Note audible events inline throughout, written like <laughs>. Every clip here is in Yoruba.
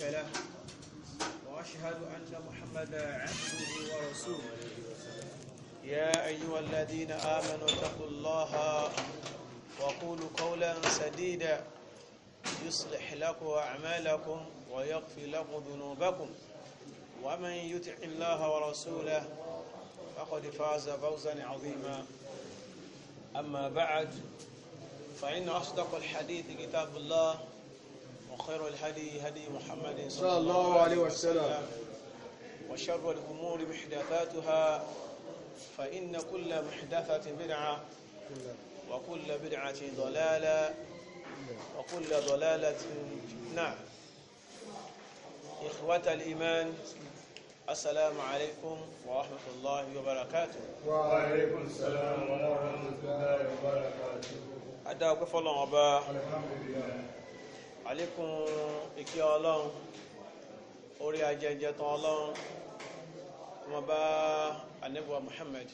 شريك له وأشهد أن محمد عبده ورسوله يا أيها الذين آمنوا اتقوا الله وقولوا قولا سديدا يصلح لكم أعمالكم ويغفر لكم ذنوبكم ومن يطع الله ورسوله فقد فاز فوزا عظيما أما بعد فإن أصدق الحديث كتاب الله وخير الهدي هدي محمد صلى الله عليه وسلم وشر الأمور محدثاتها فإن كل محدثة بدعة وكل بدعة ضلالة وكل ضلالة نعم إخوة الإيمان السلام عليكم ورحمة الله وبركاته وعليكم السلام ورحمة الله وبركاته أدعوك فالله أبا الحمد لله àlékún ìkẹ́ ọlọ́run orí ajẹjẹ tán ọlọ́run wọ́n bá anẹ́bùwa Muhammad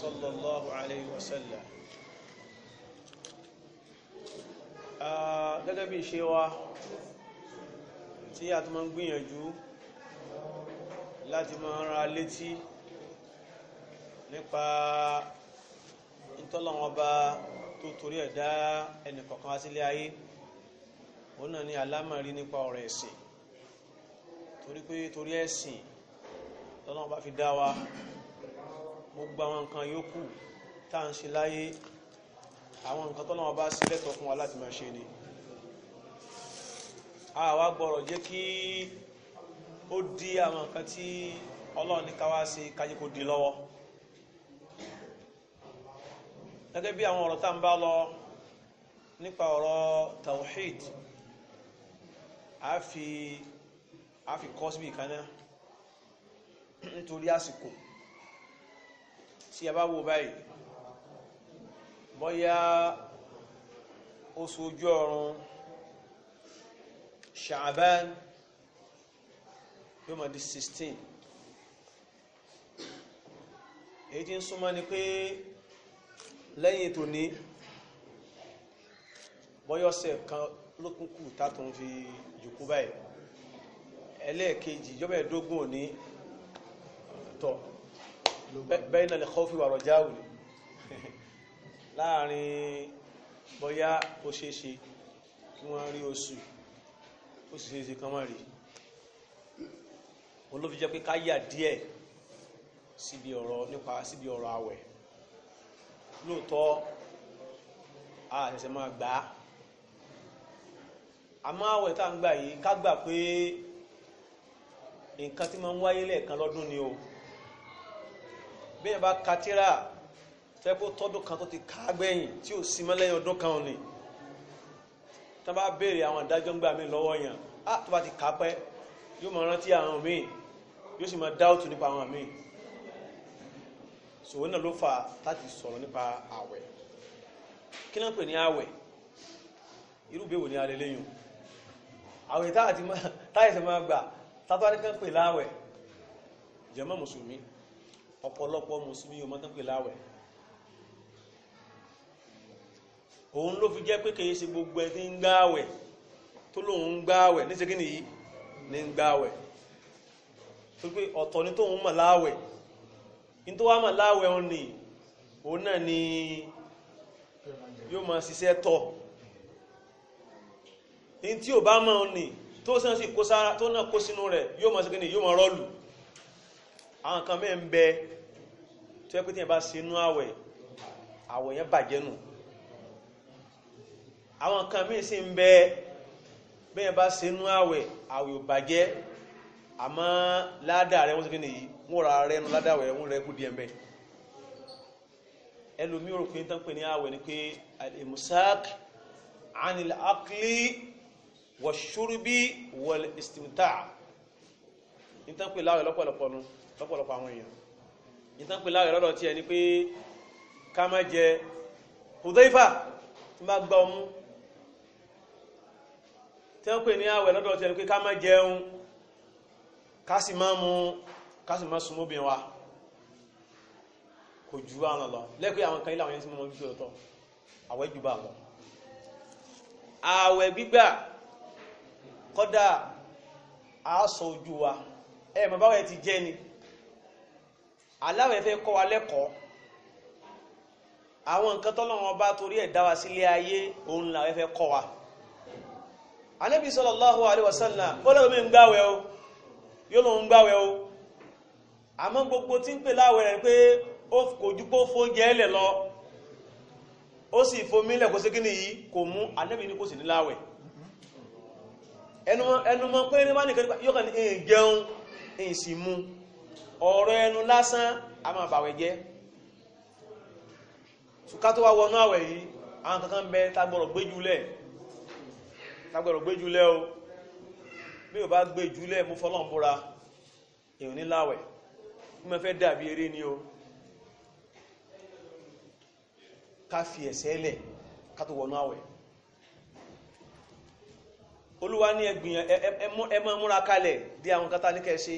sallallahu alayhi wa sallam gẹ́gẹ́ bí ṣe wá tí a ti máa ń gbìyànjú láti máa rán létí nípa ìtọ́lọ̀wọ́n bá tó torí ẹ̀dá ẹnìkọ̀kan sílé ayé òun náà ni alámọ̀rí nípa ọ̀rọ̀ ẹ̀sìn torí pé torí ẹ̀sìn lọ́nà bá fi dá wa gbogbo àwọn nǹkan yòókù tá à ń ṣe láyé àwọn nǹkan tọ́lọ́wọ́ bá sí lẹ́tọ̀ọ́ fún wa láti máa ṣe ni a wá gbọ́rọ̀ jẹ́ kí ó di àwọn nǹkan tí Ọlọ́run ní ká wá káyé kó di lọ́wọ́ gẹ́gẹ́ bí àwọn ọ̀rọ̀ tá ń bá lọ nípa ọ̀rọ̀ tawhid a fi a fi kọ́ síbi kan náà <clears throat> nítorí àsìkò tí a bá wo báyìí bóyá oṣù ojú ọ̀run ṣàbán yóò máa di 16 èyí tí ń súnmọ́ ni pé lẹ́yìn tòní bóyá kan lókun kù tátún fi jùkú báyìí ẹlẹ́ẹ̀kejì ìjọba ẹ̀dógún òní tọ̀ bẹ́ẹ̀ náà lè kọ́ fi wàrọ̀ jáwù láàrin bóyá ó ṣeéṣe kí wọ́n rí oṣù ó sì ṣeéṣe kán máa rí olófi jẹ́ pé ká yà díẹ̀ síbi ọ̀rọ̀ nípa síbi ọ̀rọ̀ àwẹ̀ lóòótọ́ a ṣẹ̀ṣẹ̀ máa gbà á àmọ́ àwẹ̀ tá ń gbà yìí ká gbà pé nǹkan tí máa ń wáyé lẹ́ẹ̀kan lọ́dún ni o bẹ́ẹ̀ bá ka tírà fẹ́ kó tọ́dún kan tó ti ká gbẹ̀yìn tí ò sí mọ́ lẹ́yìn ọdún kan ni tá bá béèrè àwọn ìdájọ́ ń gbà mí lọ́wọ́ yẹn á ah, tó bá ti kà pẹ́ yóò máa rántí àwọn míì yóò sì máa dáùtù nípa àwọn míì sòwò náà ló fà láti sọ̀rọ̀ nípa àwẹ̀ kí ló ń pè ní àwẹ̀ irú bẹ́ẹ̀ wò ni a lè léyìn o àwẹ̀ táyẹ̀sẹ̀ máa gbà tátọ́rí kan pè láwẹ̀ jàmá mùsùlùmí ọ̀pọ̀lọpọ̀ mùsùlùmí yóò mọ́tán pè láwẹ̀ òun ló fi jẹ́ pé kèye ṣe gbogbo ẹ̀ tí ń gbáwẹ̀ tó lóun ń gbáwẹ̀ ní ṣekí nìyí ní ń gbáwẹ̀ tó pé ọ̀tọ̀ ní tóun mọ̀ láwẹ̀ ní tó wá mọ̀ láwẹ̀ òun ni òun náà ni yóò máa ṣiṣẹ́ tọ̀ ní tí ò bá mọ̀ ọ́ nì tó sàn sí tó náà kó sínú rẹ̀ yóò mọ̀ sí kí ni yóò mọ̀ rọ́ọ̀lù àwọn kan mẹ́rin bẹ tó yẹ pé tíyẹn bá ṣe inú àwẹ̀ àwẹ̀ yẹn bàjẹ́ nù àwọn kan mí sì ń bẹ bẹ́ẹ̀ bá ṣe inú àwẹ̀ àwẹ̀ ò bàjẹ́ àmọ́ ládàá rẹ̀ wọ́n sì kí ni yìí wọ́n ra rẹ̀ nu ládàá rẹ̀ wọ́n rẹ̀ kú díẹ̀ mbẹ́ ẹlòmíràn pé tán pè ní àwẹ̀ ni pé alimusak anil akli wàṣúrúbí wal istimta' ìtànpè láàrẹ̀ lọ́pọ̀lọpọ̀ nu lọ́pọ̀lọpọ̀ àwọn èèyàn ìtànpè láàrẹ̀ lọ́dọ̀ tí ẹni pé ká má jẹ Hudhaifa tí bá gbá ọmú tí wọ́n pè ní àwẹ̀ lọ́dọ̀ tí ẹni pé ká má jẹun ká sì má mu ká sì má súnmóbìn wa kò ju àwọn lọ lẹ́kọ̀ọ́ àwọn kan ilé àwọn yẹn tí mo mọ ju ọ̀tọ̀ àwẹ̀ ju bá lọ àwẹ̀ gbígbà kọ́dà àásọ ojú wa ẹ mọ̀ báwẹ̀ ti jẹ́ ni aláwẹ̀ fẹ́ kọ́ wa lẹ́kọ̀ọ́ àwọn nǹkan tọ́lọ́wọ́n bá torí ẹ̀ dá wa sílé ayé òun làwẹ̀ fẹ́ kọ́ wa anábì sallallahu alaihi wasallam ó lóun ń gbàwẹ̀ o yóò lóun ń o àmọ́ gbogbo tí ń pè láwẹ̀ rẹ̀ pé kò ju pé ó fóúnjẹ ẹlẹ̀ lọ ó sì fomílẹ̀ kó sí kí nìyí kò mú anábì ní kò sì ní láwẹ̀ ẹnumọ́ pé ní bá nìkan yóò kàn ní ìjẹun ìsìnmú ọ̀rọ̀ ẹnu lásán a máa bàwẹ̀ jẹ́ ṣùká tó wá wọnú àwẹ̀ yìí àwọn kankan bẹ tagbọ̀rọ̀ gbéjúlẹ̀ tagbọ̀rọ̀ gbéjúlẹ̀ o bí o bá gbéjúlẹ̀ mú fọlọ́n búra èèyàn níláwẹ̀ mú mẹ́fẹ́ dàbí eré ni o ká fi ẹ̀sẹ̀ lẹ̀ ká tó wọnú àwẹ̀ olúwa ní ẹgbìyàn ẹ mọ́ múra kalẹ̀ di àwọn kátà ní kẹṣe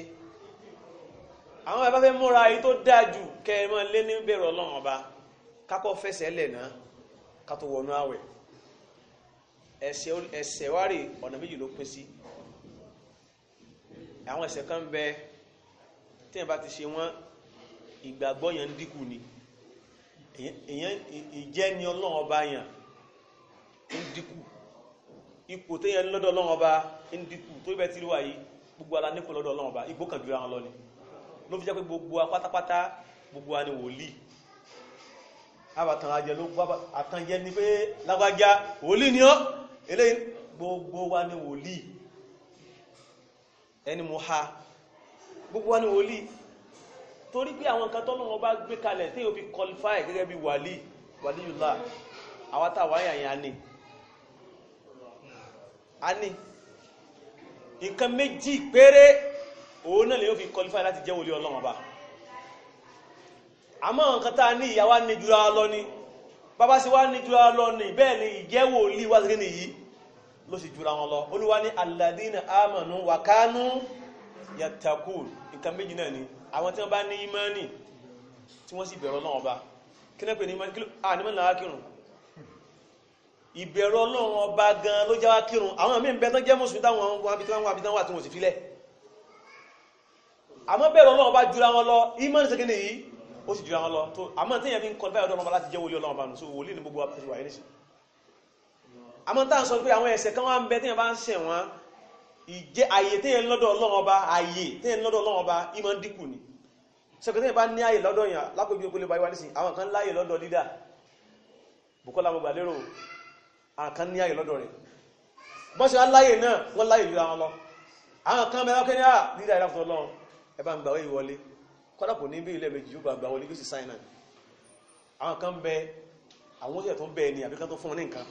àwọn ẹ̀bá fẹ́ múra yìí tó dáa jù kẹrìmọ́ lé ní bẹ̀rẹ̀ ọlọ́run ọba kákọ́ fẹsẹ̀ lẹ̀ náà ká tó wọnú àwẹ̀ ẹ̀ṣẹ̀ wárì ọ̀nà méjì ló pín sí àwọn ẹ̀ṣẹ̀ kan bẹ tí ẹ̀ bá ti ṣe wọ́n ìgbàgbọ́ yẹn ń dínkù ni ìjẹ́ni ọlọ́run ọba yẹn ń dínkù ipò téèyàn lọ́dọ̀ ọlọ́run ọba ń dínkù tó bẹ́ẹ̀ tí wà yìí gbogbo ara nípò lọ́dọ̀ ọlọ́run ọba igbó kan jura wọn lọ ni ló fi jẹ́ pé gbogbo wa pátápátá gbogbo wa ni wòlíì àbàtàn ajẹ ló gbọ́ àtànjẹ ni pé lágbájá wòlíì ni ọ́ eléyìí gbogbo wa ni wòlíì ẹni mo ha gbogbo wa ni wòlíì torí pé àwọn nǹkan tọ́lọ́run ọba gbé kalẹ̀ tí yóò fi qualify gẹ́gẹ́ bí wàlíì wàlíyùlá àwọn táwa yàn ni. Ani, ní nǹkan pere, péré òun náà lè yóò fi qualify láti jẹ́ wòlíì ọlọ́run ọba àmọ́ nǹkan tá a ní ìyá wa ní jura lọ ni bàbá sì wá ní jura lọ ni bẹ́ẹ̀ ni ìjẹ́ wòlíì wá sí nìyí ló sì jura wọn lọ olúwa ní alladina amanu wakanu yatakun nǹkan méjì náà ni àwọn tí wọ́n bá ní imani tí wọ́n sì bẹ̀rù ọlọ́run ọba kí náà pè ní imani kí ló à ní mọ́ni làákìrùn ìbẹ̀rù ọlọ́run ọba gan ló jẹ́ wá kírun àwọn míì ń bẹ tán jẹ́ mùsùlùmí táwọn ọmọ abitán wọn abitán wà tí wọn sì filẹ̀ àmọ́ bẹ̀rù ọlọ́run ọba jura wọn lọ ìmọ̀ni ṣe kíni yìí ó sì jura wọn lọ tó àmọ́ tí èèyàn fi ń kọ́ báyọ̀ ọlọ́run ọba láti jẹ́ wòlíì ọlọ́run ọba nù so wòlíì ní gbogbo wa fi wà yín nísìn àmọ́ tá à ń sọ pé àwọn ẹ̀ṣẹ̀ kan wá ń bẹ téèyàn bá ń ṣẹ̀ wọ́n ìjẹ́ àyè téèyàn lọ́dọ̀ ọlọ́run ọba àyè téèyàn lọ́dọ̀ ọlọ́run ọba ìmọ̀ ń dínkù ni sọ̀kẹ́ téèyàn bá ní àyè lọ́dọ̀ yàn lápò ìgbé pélé báyìí wá nísìn àwọn kan láyè lọ́dọ̀ dídà Bukola mo gbà lérò àkan ní ààyè lọ́dọ̀ rẹ̀ bọ́n ṣe aláyè náà wọ́n láyè lóra wọn lọ àwọn kan mẹ́rin ọkẹ́ni àà ní ìdáyà fún ọlọ́run ẹ bá ń gbàwé ìwọlé kọ́dà kò ní bí ilé méjì yóò gbàgbà wọlé yóò sì sáìn náà àwọn kan bẹ àwọn oṣù tó ń bẹ ni àbí kan tó fún wọn ní nǹkan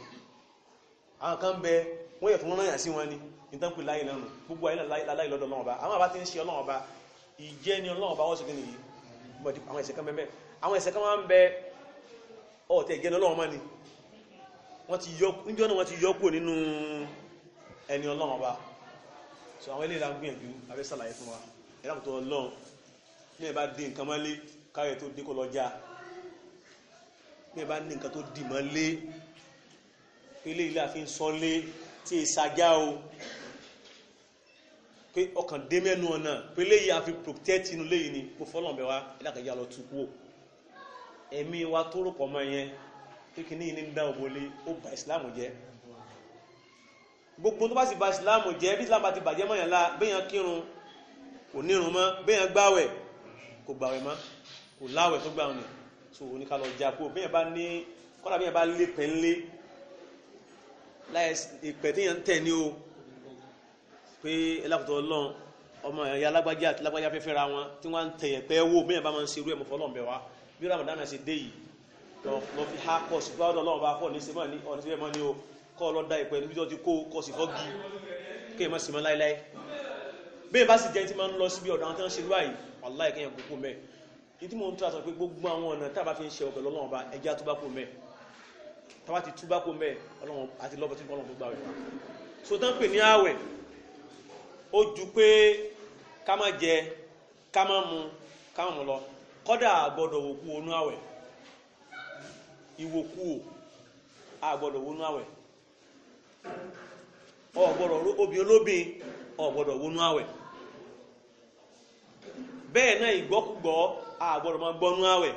àwọn kan bẹ wọ́n yẹ̀ tó wọ́n náà sí wọn ni nítorí pé láyè náà nù gbogbo ayé láyè lọ́dọ̀ ọlọ́run ọba àwọn àbá ti ń ṣe ọlọ́run ọba ìjẹ́ ni ọlọ́run ọba wọ́n sì kí nìyí àwọn ẹ̀ṣẹ̀ kan bẹ́ẹ̀ àwọn ẹ̀ṣẹ̀ kan máa ń bẹ ọ̀tẹ̀ ìjẹ́ ni ọlọ́run ọmọ ni wọ́n ti yọ níjọ́ náà wọ́n ti yọ kúrò nínú ẹni ọlọ́run ọba so àwọn eléyìí la ń gbìyànjú abẹ́ sàlàyé fún wa ẹ̀rọ tó ọlọ́run ní ẹ̀ bá dín nǹkan mọ́lé káyọ̀ tó dín kó lọ́jà ní ẹ̀ bá ní nǹkan tó dì mọ́lé eléyìí la fi ń sọ́lé tí ì sajá o pé ọkàn dé mẹ́nu ọ̀nà pé léyìí a fi protect inú léyìí ni mo fọ́lọ́n bẹ̀ wá ẹ̀dá kẹjá lọ tu kú ẹ̀mí wa tó rò pọ̀ mọ́ yẹn kíkì ní ìní dán òbólé ó bà ìsìláàmù jẹ́ gbogbo tó bá sì bà ìsìláàmù jẹ́ bí ìsìláàmù àti bàjẹ́ mọ̀ yànlá béèyàn kírun kò nírun mọ́ béèyàn gbáwẹ̀ kò gbàwẹ̀ mọ́ kò láwẹ̀ tó gbà ọ̀nà so oníkàlọ̀ jà kó béèyàn bá ní kọ́dà béèyàn bá lé pẹ̀lé láì ìpẹ̀ téèyàn ń tẹ̀ ní o pé ẹlẹ́kùtọ̀ ọlọ́run ọmọ ẹ̀yà alágbájá àti alágbájá fẹ́fẹ́ ra wọn tí wọ́n ń tẹ̀yẹ̀ pẹ́ wò béèyàn bá máa ń serú ẹ̀ mọ́fọ́lọ́ lọ fi há kọ̀ sí gbáwọ́dọ̀ ọlọ́run bá kọ̀ ní sí mọ́ ní ọ̀nà tí bẹ́ẹ̀ mọ́ ní o kọ́ lọ dá ìpẹ́ níbi tó ti kó kọ́ sí fọ́ gi kí ẹ má sì mọ́ láéláé bẹ́ẹ̀ bá sì jẹ́ tí máa ń lọ síbi ọ̀dọ̀ àwọn tí wọ́n ṣe wáyé wàláì kẹ́yìn kókó mẹ́ ìdí mo ń tún àṣọ pé gbogbo àwọn ọ̀nà tá a bá fi ń ṣe ọ̀bẹ̀ lọ́lọ́run bá ẹja túbákò a bá ti túbákò mẹ́ ọlọ́run àti lọ́bọ̀ tí ọlọ́run gbà wẹ̀ so tán pè ní ààwẹ̀ ó ju pé ká má jẹ ká má ìwòkuwò a gbọ́dọ̀ wọnú àwẹ̀ ọ gbọ́dọ̀ obì olóbìn ọ gbọ́dọ̀ wọnú àwẹ̀ bẹ́ẹ̀ náà ìgbọ́kúgbọ́ a gbọ́dọ̀ máa gbọ́nú àwẹ̀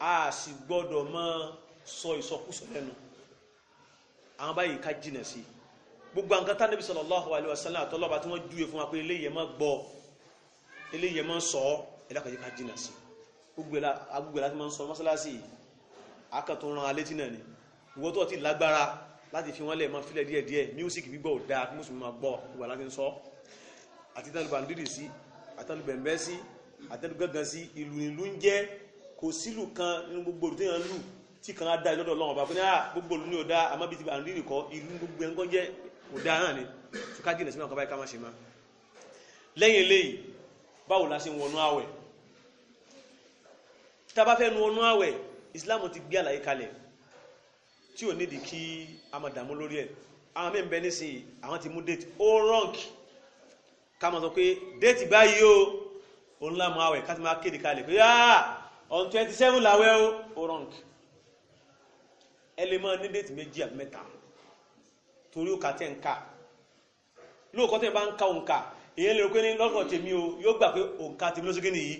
a sì gbọ́dọ̀ máa sọ ìsọkúsọ lẹ́nu àwọn báyìí ká jìnà sí gbogbo nǹkan tá níbi sallallahu alaihi wasallam àtọlọ́ba tí wọ́n júwe fún wa pé eléyìí ẹ má gbọ́ eléyìí ẹ má sọ ẹ dákàjẹ́ ká jìnà sí agbègbè láti máa ń sọ mọ́sálásì akàtúnran alétí náà ni ìwọ́ tó ti lágbára láti fi wọ́n lẹ̀ máa filẹ̀ díẹ̀díẹ̀ music gbígbọ́ òdá kí ma máa gbọ́ ìwà láti ń sọ àti tẹ́lùbàndìrì sí àtẹ́lùbẹ̀m̀bẹ́ sí àtẹ́lùgángan sí ìlú ìlú ń jẹ́ kò sílù kan nínú gbogbo olù téèyàn lù tí kan á dá ìlọ́dọ̀ lọ́wọ́ bá fúnni gbogbo olù ní ọ̀dá àmọ́ bíi ti bàndìrì kọ́ ìlú gbogbo báwo la ṣe wọnú àwẹ̀ tábà fẹ́ nu ọnú àwẹ̀ islam ti gbé àlàyé kalẹ̀ tí ò nídìí kí a máa dààmú lórí ẹ̀ àwọn mẹ́rin bẹ nísìnyí àwọn ti mú date ó rank ká máa sọ pé date báyìí o òun lámú àwẹ̀ ká ti máa kéde kalẹ̀ pé yáà ah, on twenty seven làwẹ̀ o ó rank ẹ lè máa ní date méjì àbí mẹ́ta torí òkà tẹ̀ ń kà lóòkọ́ tẹ̀ bá ń ka òǹkà èyí lè rò pé ní lọ́kàn tèmi o yóò gbà pé òǹkà tèmi lọ́sọ́gẹ́ nìyí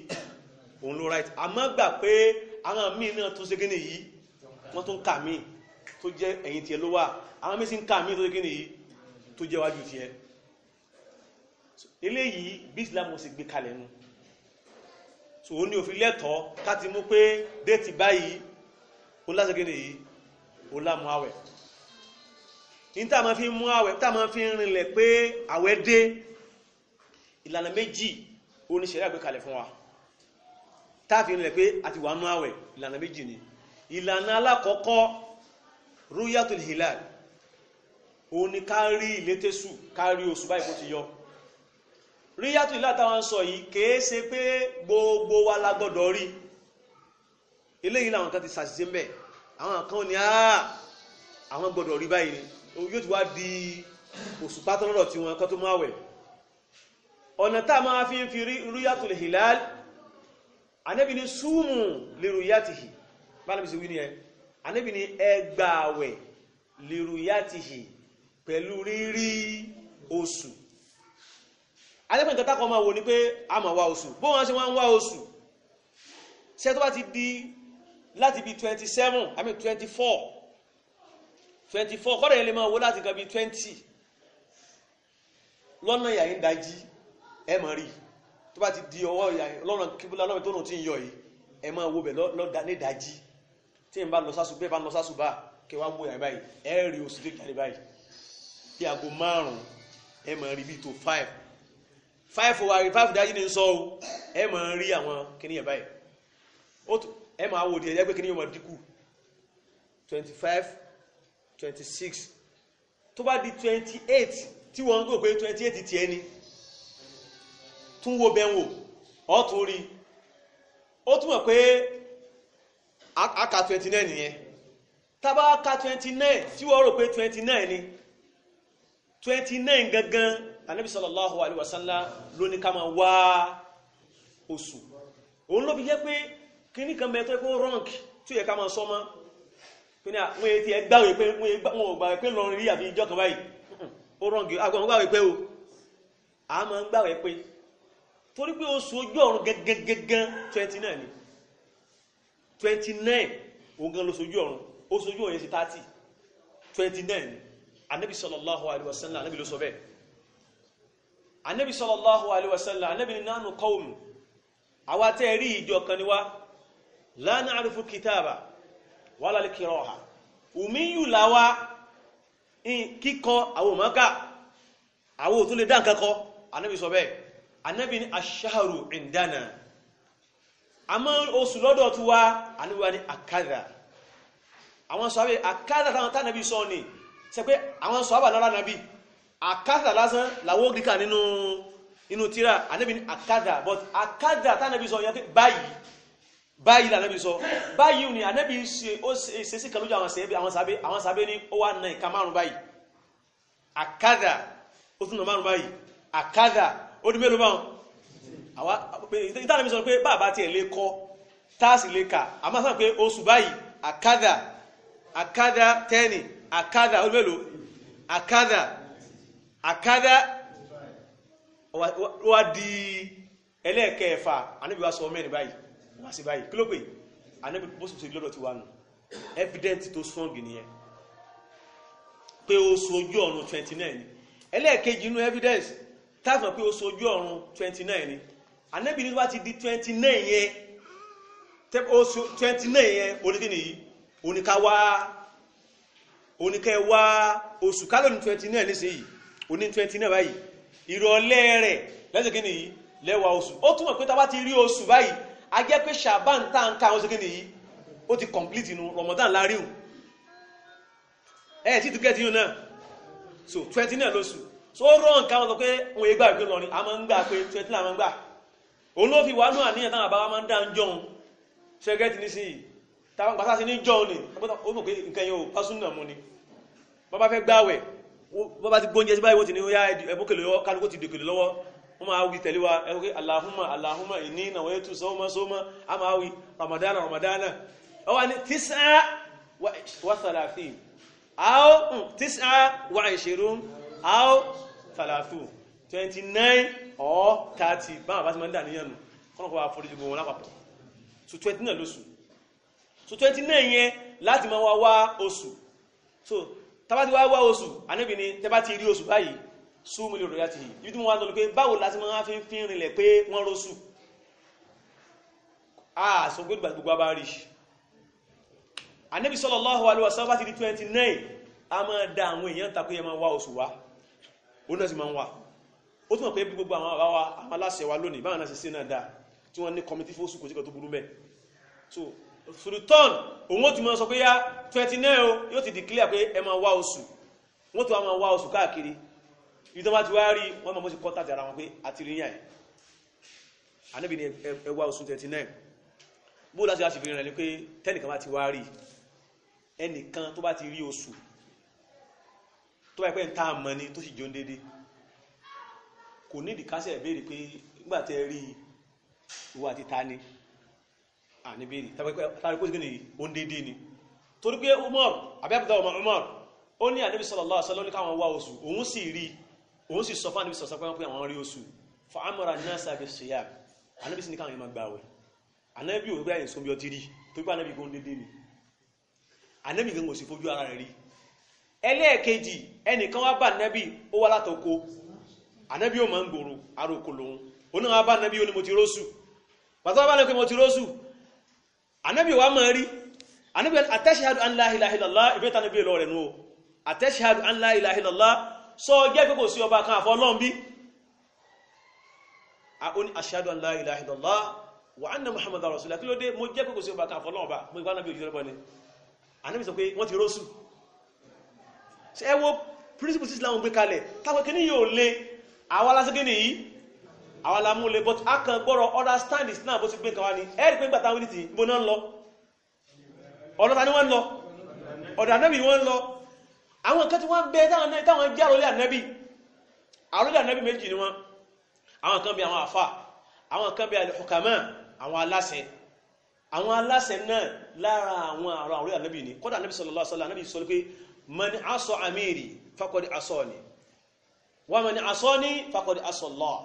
òun ló right àmọ́ gbà pé àwọn míì náà tún ṣe kí nìyí wọ́n tún kà míì tó jẹ́ ẹ̀yìn tiẹ̀ ló wà àwọn míì sì ń kà míì tó ṣe kí nìyí tó jẹ́ wájú tiẹ̀ eléyìí bí Islam ó sì gbé kalẹ̀ nu so ó ní òfin lẹ́tọ̀ọ́ ká ti mú pé déètì báyìí ó lásìkò nìyí ó lámú àwẹ̀ ní tá a máa fi mú àwẹ̀ tá a máa fi rinlẹ̀ pé àwẹ̀ dé ìlànà méjì ó ní ṣẹ̀ríà gbé fún wa táàfin rẹ̀ pé àti wà nú àwẹ̀ ìlànà méjì ni ìlànà alákọ̀ọ́kọ́ ruyatul hilal òun ni ká rí ìlétésù ká rí oṣù báyìí kó ti yọ ruyatul hilal táwọn sọ yìí kèé ṣe pé gbogbo wa la gbọ́dọ̀ rí eléyìí làwọn kan ti ṣàṣìṣe mbẹ àwọn kan ní àwọn gbọ́dọ̀ rí báyìí ni yóò ti wá di òṣùpá tọ́lọ́rọ̀ tí wọn kọ́ tó máa wẹ̀ ọ̀nà tá máa fi ń fi ruyatul hilal anábì ní súnmù lèrò yàtìhì bára bìí sí wí ní ẹ anábì ní ẹgbààwẹ̀ lèrò yàtìhì pẹ̀lú rírí oṣù adẹ́pẹ̀ nǹkan tákọ̀ máa wò ní pé a máa wá oṣù bó wọ́n ṣe wọ́n ń wá oṣù ṣe tó bá ti di láti bí 27 i mean 24 24 kọ́dọ̀ yẹn lè máa wó láti kan bí 20 lọ́nà yàyí ń dají ẹ máa rí i tó bá ti di ọwọ́ ìyá lọ́nà kíbúlá lọ́wọ́ tó nù tí ń yọ yìí ẹ máa wo bẹ̀ lọ́dà ní ìdájí tí n bá lọ sásù bẹ́ẹ̀ bá lọ sásù bá kẹ wá wo ìyá báyìí ẹ rí oṣù tó jáde báyìí bí aago márùn ẹ máa rí bí tó five five wa rí five dájí ni ń sọ o ẹ máa rí àwọn kìnìyàn báyìí ẹ máa wo díẹ̀ ẹgbẹ́ kìnìyàn máa dínkù twenty five twenty six tó bá di twenty eight tí wọ́n ń gbọ́ pé twenty eight tiẹ̀ ni. tún wo bẹ́ẹ̀ wò ọ́ tún rí aka 29 nìyẹn tábà aka 29 tí wọ́n rò 29 ni 29 gangan anábi sallallahu alaihi wasallam ló ní ká máa wá oṣù òun ló fi jẹ́ pé kí ní kan mẹ́tọ́ ikú rank tí yẹ ká máa sọ mọ́ pé ní àwọn èyí tí ẹ gbáwé pé wọ́n wọ́n gbáwé pé lọ́rin rí àbí ìjọ kan báyìí o a máa ń torí pé oṣù ojú ọ̀run gẹ́gẹ́gẹ́gẹ́ twenty nine ni twenty nine òun gan lóṣojú ọ̀run oṣù ojú ọ̀run yẹn ti thirty twenty nine anabi sallallahu alayhi wa sallam anabi ló sọ bẹ́ẹ̀ anabi sallallahu alayhi wa sallam anabi ni nánú kọ́ọ̀mù àwa tẹ́ ẹ rí ìjọ kan ni wá la na'rifu kìtàbà wala al-qira'a umiyu làwa kíkọ àwọn òmàkà àwọn òtún lè dá nǹkan kọ anabi sọ bẹ́ẹ̀ anabi ni aṣáàrù ìndánà àmọ́ oṣù lọ́dọ̀ tó wá àníwá ní àkádà àwọn sọ́bẹ̀ àkádà táwọn tánàbí so. ni ṣe pé àwọn sọ́bà lọ́la nàbí àkádà lásán làwọ́ gíkà nínú inú tíra ànábì ní àkádà but àkádà tánàbí sọ yẹn báyìí báyìí lànàbí sọ báyìí ni ànábì ṣe ó ṣe sí kàlójú àwọn sẹ́bẹ̀ àwọn sàbẹ̀ àwọn sàbẹ̀ ní ó wà náà ìka márùn báyìí àkádà ó tún nà márùn báyìí àkádà ó di mélòó báwọn àwa ìtàlẹ́ mi sọ pé bàbá tiẹ̀ lè kọ́ táàsì lè kà àmọ́ sọ pé oṣù báyìí àkádà àkádà tẹ́ẹ̀nì àkádà ó di mélòó àkádà àkádà wá di ẹlẹ́ẹ̀kẹfà anábì wá sọ mẹ́rin báyìí evident tó strong in here oṣù ojú ọ̀run twenty nine elekeji inú evidence táàmù pé ó sojú ọ̀run twenty nine ni ànábì ní wá ti di twenty nine yẹn twenty nine yẹn oníkíni yìí oníka wá oníkẹ́ wá oṣù kálọ̀ ní twenty nine nísìnyí oní twenty nine báyìí ìrọ̀lẹ́ rẹ̀ lẹ́sìn kíni yìí lẹ́wà oṣù ó túmọ̀ pé tá bá ti rí oṣù báyìí a jẹ́ pé ṣàbán tá ń ka àwọn ṣẹ́kẹ́ nìyí ó ti complete inú Ramadan láríhùn ẹ̀ tí tukẹ́ ti yún náà so twenty nine lóṣù so ó rán nǹkan sọ pé òun yẹ gbà pé lọrin a máa ń gbà pé twenty nine a máa ń gbà òun ló wà nù àníyàn àbáwá máa ń dá ń jọun táwọn sí ní jọun ni ó mọ̀ pé nǹkan yẹn ò mu ni bàbá fẹ́ gbàwẹ̀ bàbá ti gbóúnjẹ sí báyìí wọ́n ti ní yá ẹ̀bùkèlè kálukú ti dèkèlè lọ́wọ́ wọ́n máa wí tẹ̀lé wa how thalathu twenty nine or thirty báwọn bá ti máa ń dà níyànnù kọ́nà kó wa forí gbogbo wọn lápapọ̀ so twenty nine lóṣù so twenty nine yẹn láti máa wá wá oṣù so tábà ti wá wá oṣù àníbi ni tẹ́bà ti rí oṣù báyìí súnmù lè rọ̀yà ti yìí ibi tí wọ́n wá lọ pé báwo láti máa fi ń fi rinlẹ̀ pé wọ́n rọ́ṣù àṣọ gbogbo gbogbo bá rí àníbi sallallahu alaihi wasallam bá ti di twenty nine a máa da àwọn èèyàn takó yẹ máa wá oṣù wá ó náà sì máa ń wà ó túnmọ̀ pé bí gbogbo àwọn àwa wa àwọn aláṣẹ wa lónìí báwọn aláṣẹ sí náà dáa tí wọ́n ní kọmití fóṣù kò síkọ̀ tó burú mẹ́ so sultan òun ó ti máa sọ pé yá twenty nine o yóò ti declare pé ẹ máa wá oṣù wọ́n tó wá máa wá oṣù káàkiri ibi tó bá ti wá rí wọ́n máa mọ́ sí contact ara wọn pé àti rí yàn ànábì ni ẹ wá oṣù twenty nine bó láti wá sì fi rìn rẹ̀ ni pé tẹ́nìkan bá ti wá rí ẹnìkan to bá ti rí oṣù tó báyìí pé ń tá a mọ ni tó sì jó ń dédé kò nídìí kásẹ̀ béèrè pé nígbà tẹ rí ìwọ àti ta ni àní béèrè tàbí kó sì gbé ni ó ń dédé ni torí pé Umar abẹ́bùdá ọmọ Umar ó ní ànábì sallallahu alaihi wasallam ní káwọn wá oṣù òun sì rí òun sì sọ fún ànábì sallallahu alaihi wasallam pé àwọn rí oṣù fa amara nasa bi siyam ànábì sì ní káwọn yẹn máa gbààwẹ̀ ànábì òun gbé àyè sọmi ọtí rí torí pé ànábì kò ń dédé ni ànábì gan kò sì fojú ara rẹ̀ rí ẹlẹ́ẹ̀kejì ẹnìkan wá bá ànábì ó wá látọ̀kọ ànábì ó máa ń gbòòrò aróko lòun òun náà wá bá ànábì ó ní mo ti rósù pàtó bá ànábì mo ti rósù ànábì wa máa rí ànábì atashhadu an la ilaha illallah ìbẹ́ta ànábì lọ rẹ̀ nù o atashhadu an la ilaha illallah sọ jẹ́ pé kò sí ọba kan àfọ́ ọlọ́run bí ó wa anna muhammadar rasulullah mo jẹ́ pé kò mo ìgbà ànábì òjò rẹ̀ sọ pé wọ́n ti rósù ṣe ẹ wo principle six láwọn gbé kalẹ̀ káwọn kìíní yóò le àwọn alásèké nìyí àwọn alámúlẹ̀ but a kàn gbọ́rọ̀ understand is náà bó ti gbé nǹkan wá ni ẹ rí pé gbàtà wọn ní ti ibo náà ń lọ ọ̀dọ̀ ta ni wọ́n ń lọ ọ̀dọ̀ ànábì wọ́n ń lọ àwọn nǹkan tí wọ́n bẹ táwọn jẹ́ àròlé ànábì àròlé ànábì méjì ni wọ́n àwọn kan bí àwọn àfà àwọn kan bí alìhùkàmá àwọn aláṣẹ àwọn aláṣẹ náà lára àwọn àrò àròlé ànábì ni kọ́dà ànábì sallallahu alaihi wasallam ànábì sọ pé man aso amiri fakọ̀dí asọ ni wọ́n man asọ ni fakọ̀dí asọ Allah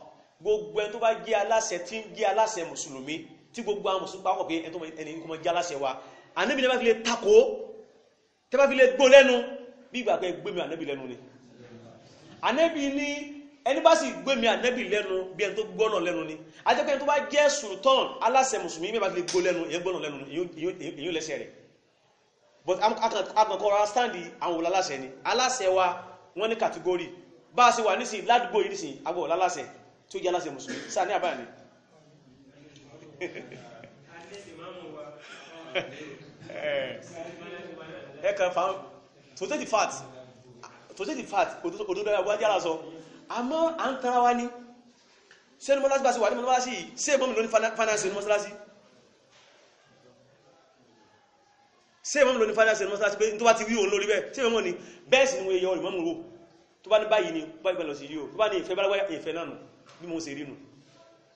gbogbo ẹni tó bá jẹ́ aláṣẹ tí ń jẹ́ aláṣẹ mùsùlùmí tí gbogbo àwọn mùsùlùmí pàápọ̀ pé ẹni kò mọ jẹ́ aláṣẹ wa ànábì ní bá fi lè takò tẹ́ bá fi lè gbó lẹ́nu bí ìgbà pé gbé mi ànábì lẹ́nu ni ànábì ní ẹni bá sì gbé mi ànábì lẹ́nu bí ẹni tó gbọ́nà lẹ́nu ni ajẹ́pẹ́ ẹni tó bá jẹ́ sultan aláṣẹ mùsùlùmí bí ẹni bá fi lè gbó lẹ́nu èyí gbọ́nà lẹ́nu ni èyí lẹ́sẹ̀ rẹ̀ but akànkọ́ ra stand àwọn olùlàláṣẹ ni aláṣẹ wa wọ́n ní kàtígórì bá a ṣe wà nísìn ládùúgbò yìí nísìn agbọ̀ olùlàláṣẹ tí jẹ́ aláṣẹ mùsùlùmí sáà ní àbáyà ni <laughs> ẹ kàn fà to take the fact to take the fact òdodo àmọ́ à ń tara wa ní sẹ́ni mọ́lásí bá ṣe wà ní mọ́lásí yìí sí ẹ̀bọ́n mi ní mọ́lásí ṣé ìmọ̀mù ló ní fájà sẹ́nu mọ́sálásí pé tó bá ti wí òun lórí bẹ́ẹ̀ ṣé ìmọ̀mù ni bẹ́ẹ̀ sì ni wọ́n yọ ìmọ̀mù wò tó bá ní báyìí ni bá ìgbà lọ sí rí o tó bá ní ìfẹ́ báláwá ìfẹ́ náà nù bí mo ṣe rí nu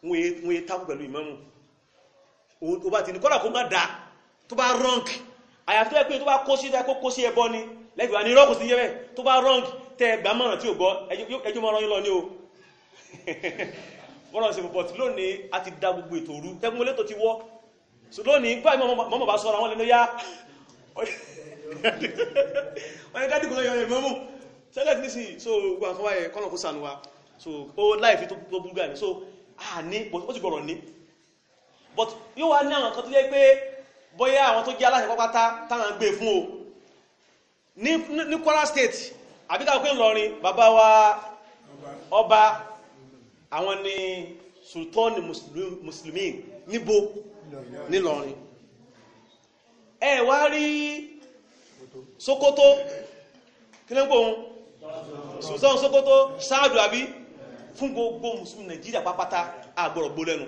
wọ́n yé tákù pẹ̀lú ìmọ̀mù tó bá ti ní kọ́lá kó má da tó bá rọ́ǹkì àyàfi tó yẹ pé tó bá kó sí tó kó sí ẹbọ ni lẹ́gbẹ̀ẹ́ wa ni rọ́ọ̀kù sí yẹ́wẹ̀ tó bá rọ́ǹkì tẹ ẹgbà mọ̀ràn tí ò gbọ́ ẹjọ́ mọ́ràn yín lọ ní o mọ́ràn <laughs> sí bọ̀tì lónìí a ti da gbogbo ètò òru tẹ́gbọ́n létò ti wọ́ lónìí gbà mọ́mọ́ bá sọ́ra wọn lẹ́nu yá wọ́n ni dádì kò lọ́yọ̀ rẹ̀ mọ́mú sẹ́lẹ̀tì so gbogbo àwọn wáyé kọ́nà kó sànú wa so ó láìfi tó búgbà ní so a ní ó ti gbọ̀rọ̀ ní but yóò wá ní àwọn kan tó jẹ́ pé bóyá àwọn tó jẹ́ aláṣẹ pápátá táwọn gbé fún o ní Kwara State àbíkà pé ńlọrin bàbá wa ọba àwọn ni sultan muslimin níbo nílọrin ẹ wá rí Sókótó kí ló ń pò òun Sultan Sókótó Sáàdù àbí fún gbogbo mùsùlùmí Nàìjíríà pápátá àgbọ̀rọ̀ gbó lẹ́nu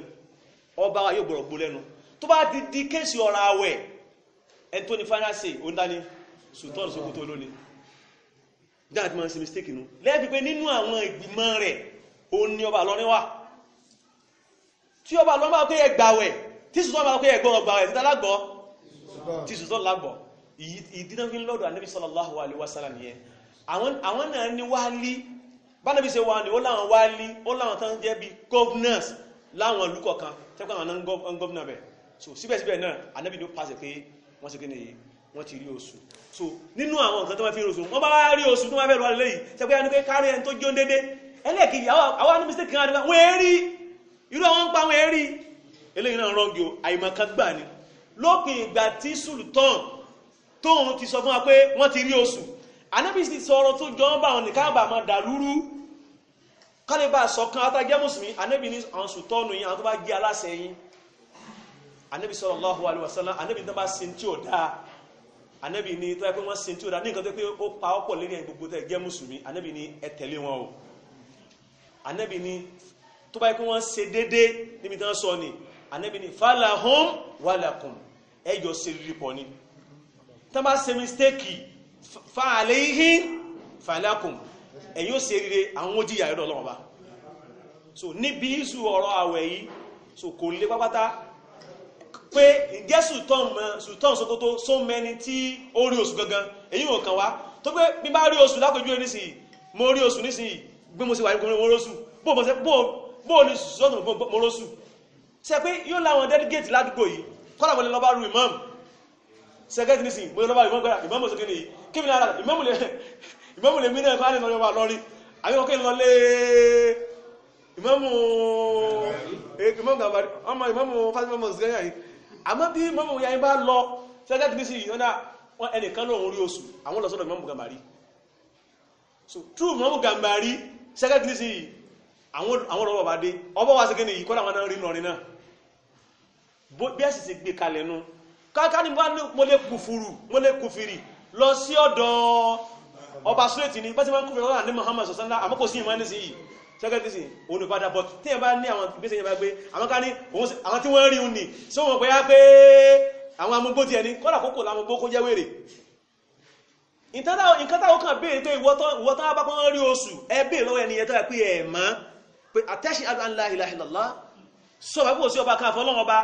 ọba wa yóò gbọ̀rọ̀ gbó lẹ́nu tó bá ti di kéèsì ọ̀rọ̀ àwẹ̀ ẹni tó ní final say òun dání Sultan Sókótó lónìí dáàtí máa ń ṣe mistake nù lẹ́bi pé nínú àwọn ìgbìmọ̀ rẹ̀ òun ni ọba lọ́rin wà tí ọba lọ́rin bá pé ẹgbàwẹ̀ tí Sultan bá pé ẹgbọ́n ọgbàwẹ̀ tí sultan lágbọ̀ ìdínà fi ń lọ́dọ̀ anábì sallallahu alaihi wasallam nìyẹn àwọn náà ní wálí bánabi ṣe wà ní ó láwọn wálí ó láwọn tán jẹ́ bí governors láwọn ìlú kọ̀ọ̀kan tẹ́kọ̀ àwọn náà ń governor bẹ̀ so síbẹ̀síbẹ̀ náà anábì ló pàṣẹ pé wọ́n ṣe kí nìyí wọ́n ti rí oṣù so nínú àwọn nǹkan tó wọ́n fi oṣù wọ́n bá rí oṣù tó wọ́n fẹ́ lọ lẹ́yìn sẹ́gbẹ́ yanu pé kárí ẹni tó jó dédé ẹlẹ́ẹ̀kejì àwọn ní mistake kan wọ́n èrí irú àwọn ń pa wọ́n èrí eléyìí náà rọ́ọ̀gì o àìmọ̀kan gbà ni lópin ìgbà tí sultan tóun ti sọ fún wa pé wọ́n ti rí oṣù anábì sì sọ̀rọ̀ tó jọ ń bá àwọn nìkan àbàmọ́ dàlúrú kálíbà sọ̀kan atajẹ́ mùsùlùmí anábì ní àwọn sultanu yìí àwọn tó bá jẹ́ aláṣẹ yìí anábì sallallahu alaihi wasallam anábì tó bá sin tí ò dáa anábì ní tó yẹ pé wọ́n sin tí ò dáa ní nǹkan tó pé ó pa ọ́pọ̀ lórí ẹ̀ gbogbo tẹ̀ anabi ni falahum walakum ẹjọ sẹrìrì pọ̀ ni tán bá ṣe mistake fàlẹ́yìn falakum ẹ̀yin ó sẹrìrì àwọn ó jìyà ẹ̀rọ ọlọ́wọ́n so níbi isu ọ̀rọ̀ àwẹ̀ yìí so kò lè pápátá pé ǹjẹ́ sultan sokoto so many tí ó rí oṣù gangan èyí ò kàn wá tó pé bí bá rí oṣù lápẹjú ẹ nísìnyí mo rí oṣù nísìnyí gbé mo sì wà ní kò mo rí oṣù bó o ní sọ́tún mo rí oṣù ṣe pé yóò láwọn delegate ládùúgbò yìí kọ́lá wọlé lọ́ba ru imam sẹ́gẹ́tì nísìn mo lọ́ba imam gbára imam òsèké nìyí kí mi lára <laughs> imam lè mí náà kọ́ àdìsàn yọba lọ́rí àbí wọ́n kí lọ lé imam eh, imam gàmbari ọmọ imam fatima mọ̀síkẹ́yà yìí àmọ́ bí imam yayin bá lọ sẹ́gẹ́tì yìí wọ́n lọ sọ́dọ̀ so true imam gàmbari sẹ́gẹ́tì nísìn yìí àwọn ọlọ́wọ́ bá dé ọbọ̀ wá sí kí ni yìí bí ẹ̀sìn ti gbé kalẹ̀ nu káká ni mo lè kùfùrù mo lè kùfìrì lọ sí ọ̀dọ̀ ọba súrètì ni bá ti máa ń kùfìrì lọ́dọ̀ ní Muhammad sọ̀sánlá àmọ́ kò sí ìmọ̀ ẹni sí yìí sẹ́kẹ́tì sí òun ìpadà bọ̀ tí ẹ bá ní àwọn ìgbésẹ̀ yẹn bá gbé àwọn ká ní àwọn tí wọ́n rí un nì sí wọn pé á pé àwọn amúgbó tiẹ̀ ní kọ́lá kókò lámúgbó kó jẹ́ wèrè nǹkan táwọn kan béèrè pé ìwọ tán bá pọ́n rí oṣù ẹ béèrè lọ́wọ́ ẹni yẹn tó yẹ pé ẹ̀ mọ́ pé àtẹ́sí adúlá ìlàhìlàlá sọ wípé òsì ọba kan àfọlọ́wọ́n ọba